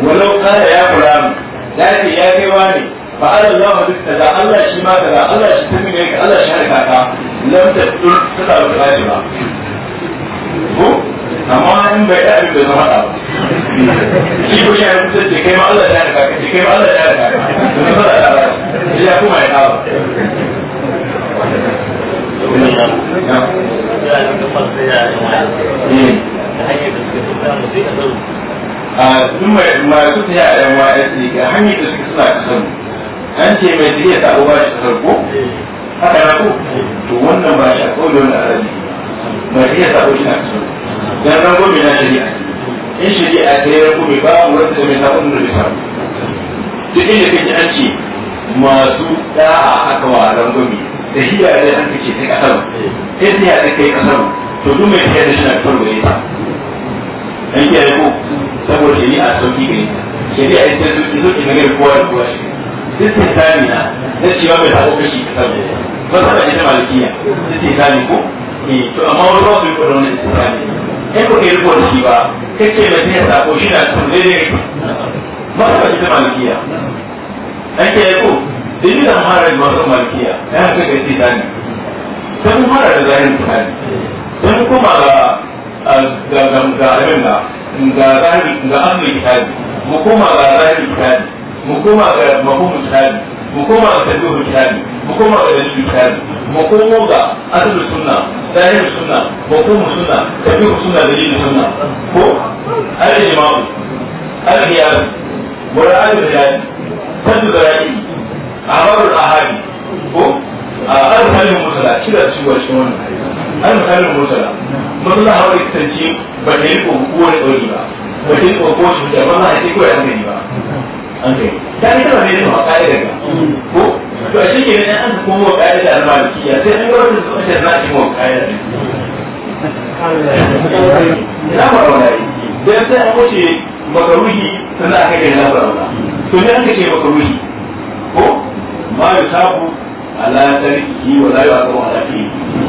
walau kana ya fulan lafi ya kai wani fa Allah ya ma duk Allah shi ma kaza Allah shi kuma ne Allah shi harka ka lam ta dur ta da ba ba ko amma in bai da abin da zama da shi ko ya mutu ce ma Allah ya harka ka kai ma Allah ya harka ka ya kuma ya ba Yeah. ma su ta yara yan wa'yan yi ga hanyar da suke suna ta sanu an ce mai tafiya ta abubuwa shi ta sarko haka na ko to wannan ba shi a kawai wani arabi mai tafiya ta abubuwa shi na ta sanu dan nan gobe na shari'a in shari'a ta yi gobe ba mu rasa da mai sabon da bai samu duk inda kake an ce masu da'a aka wa rangwami da hiya da an kace ta kasar sai ta kai kasar to duk mai tafiya da shi na kasar bai ta an kiyaye ko saboda shari'a sauki gare ta shari'a ita ta zo ki zama kowa da kowa shi duk ta sami na na cewa bai kashi ka ba sa da ita malikiya duk ta sami ko eh, to amma wani ba su yi kodon sami shi ba mai shi na ba sa da ita malikiya an ke ko da mara da masu malikiya ya haka sami mara da zahirin ga ga ga ga abin zahiri ga amri kitabi mu koma ga zahiri kitabi mu koma ga mafhumu kitabi mu koma ga tabihu kitabi mu koma ga dalil kitabi mu komo ga asalu sunna zahiri sunna mafhumu sunna sunna sunna ko al-imam al-qiyas wa al-hadi sadu gara'i a al-ahadi ko a arhalin musala kira ciwon shi wannan an misalin mursala mursala hawa ya kasance ba ta yi kogo wani tsoni ba ba ta yi kogo shi da ba za a ce kawai an gani ba an gani ta yi taba ne nuna ka'ida ga ko to a shi ne an ka komo da al-malikiya sai an ga wata zuwa ta na cikin ka'ida na marwana yi dan sai an wuce makaruhi sannan aka gani na marwana to ne an ka ce makaruhi ko ma yusabu ala tarkihi wa la yu'aqabu ala fihi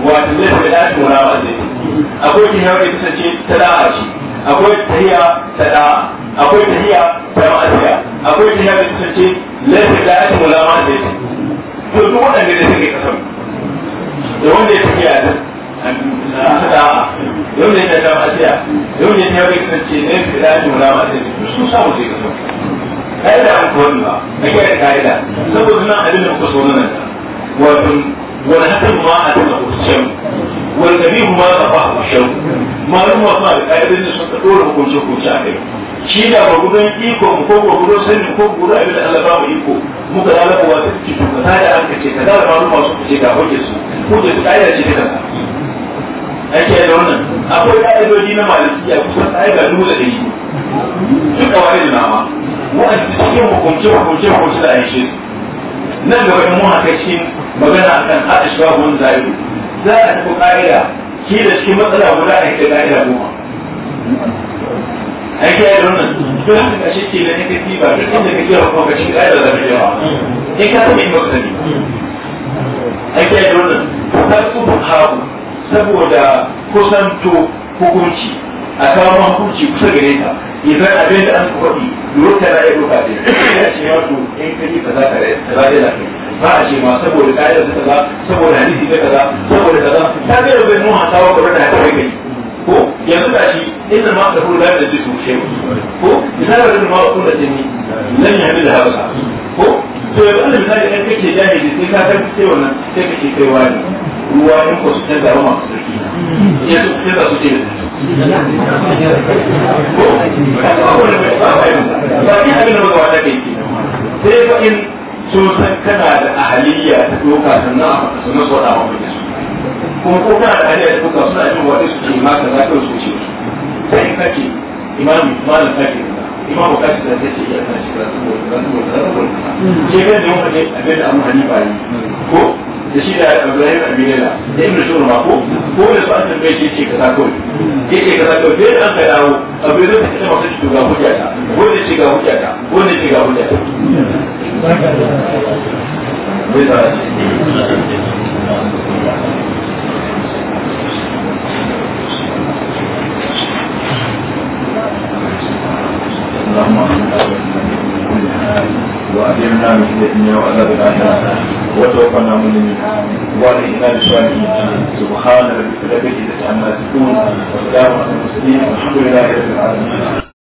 wato zai fi dace wa rawa zai akwai ki hawa ita ce ta da'a ce akwai tahiya ta da'a akwai tahiya ta ma'asiya akwai ki hawa ita ce lafi dace wa rawa zai to duk waɗanda da suke kasar da wanda ya tafiya da aka da'a da wanda ya ta ma'asiya da wanda ya hawa ita ce lafi dace wani rawa zai sun samu sai kasar ka'ida an kuwa ba a kira ka'ida saboda nan abin da kuka so nan wato والحكم ما أتمه الشم والنبي ما رفعه الشم ما رمى ما بقائد الناس تقول حكم شكو شاكر shi da gudun iko mu ko gudun sani ko gudun abin da Allah ba mu iko da Allah wa take ka da an kace ka da ba mu su kace ga hoje su ko da kaida ce ta kanka ake da wannan akwai kaidoji na malikiya kusan ai ga dubu da dari duka wani nama wa'anda cikin hukunce hukunce hukunce da aishe su nan gaba mu muna cikin magana kan haɗa shawabun zaɓi za a tafi ka'ida ki da cikin matsala guda a kai ka'ida goma an kiyaye da wannan duk da ka shi ke da ne kai ba duk inda ka kira kuma ka cikin ka'ida da ka yawa in ka taɓa yin matsali an kiyaye da wannan ta kuma ku saboda kusanto hukunci a kawo man kurci kusa gare ta ya zai abin da an su kwaɗi yiwuwar ta ra'ayi ko kafin ya ce ya wato in ka yi kaza ka ra'ayi da kai ba a ce ma saboda ka'idar ta kaza saboda hadisi ta kaza saboda kaza ta ga yau bai a hasawa kamar da haka kai kai ko yanzu da shi inda ma ka furu da ji sun ce ko ina da ma ku da jini nan ya da haka ko to yanzu da misali kai kake jahili sai ka san cewa nan sai kake kai wani ruwa in ko su canza ruwa masu sarki ya su canza su ce da ko ba ba wani mai ba ba yin ba ki abin da ba wata kai ke sai fa in sun san kana da ahaliya ta doka sannan a fata na su wada mai su kuma ko kana da ahaliya ta doka suna jin wani su ce ma za ka su ce sai in kace imami malam kake da imam bukati da zai ce iya kana shi karatu ko karatu ko karatu ko ke ga da yawan abin da amma ba yi ko da shi da Ibrahim Aminila da Ibn Shur ma ko ko da su an tambaye ce kaza ko ke ce kaza ko sai an kai dawo abin da take masa shi ga hujjata ko da shi ga hujjata ko da shi ga hujjata bai ta الدنيا وعذاب الآخرة وتوفنا مسلمين وعلينا بالصالحين سبحان ربك رب العزة عما يصفون وسلام على المرسلين والحمد لله رب العالمين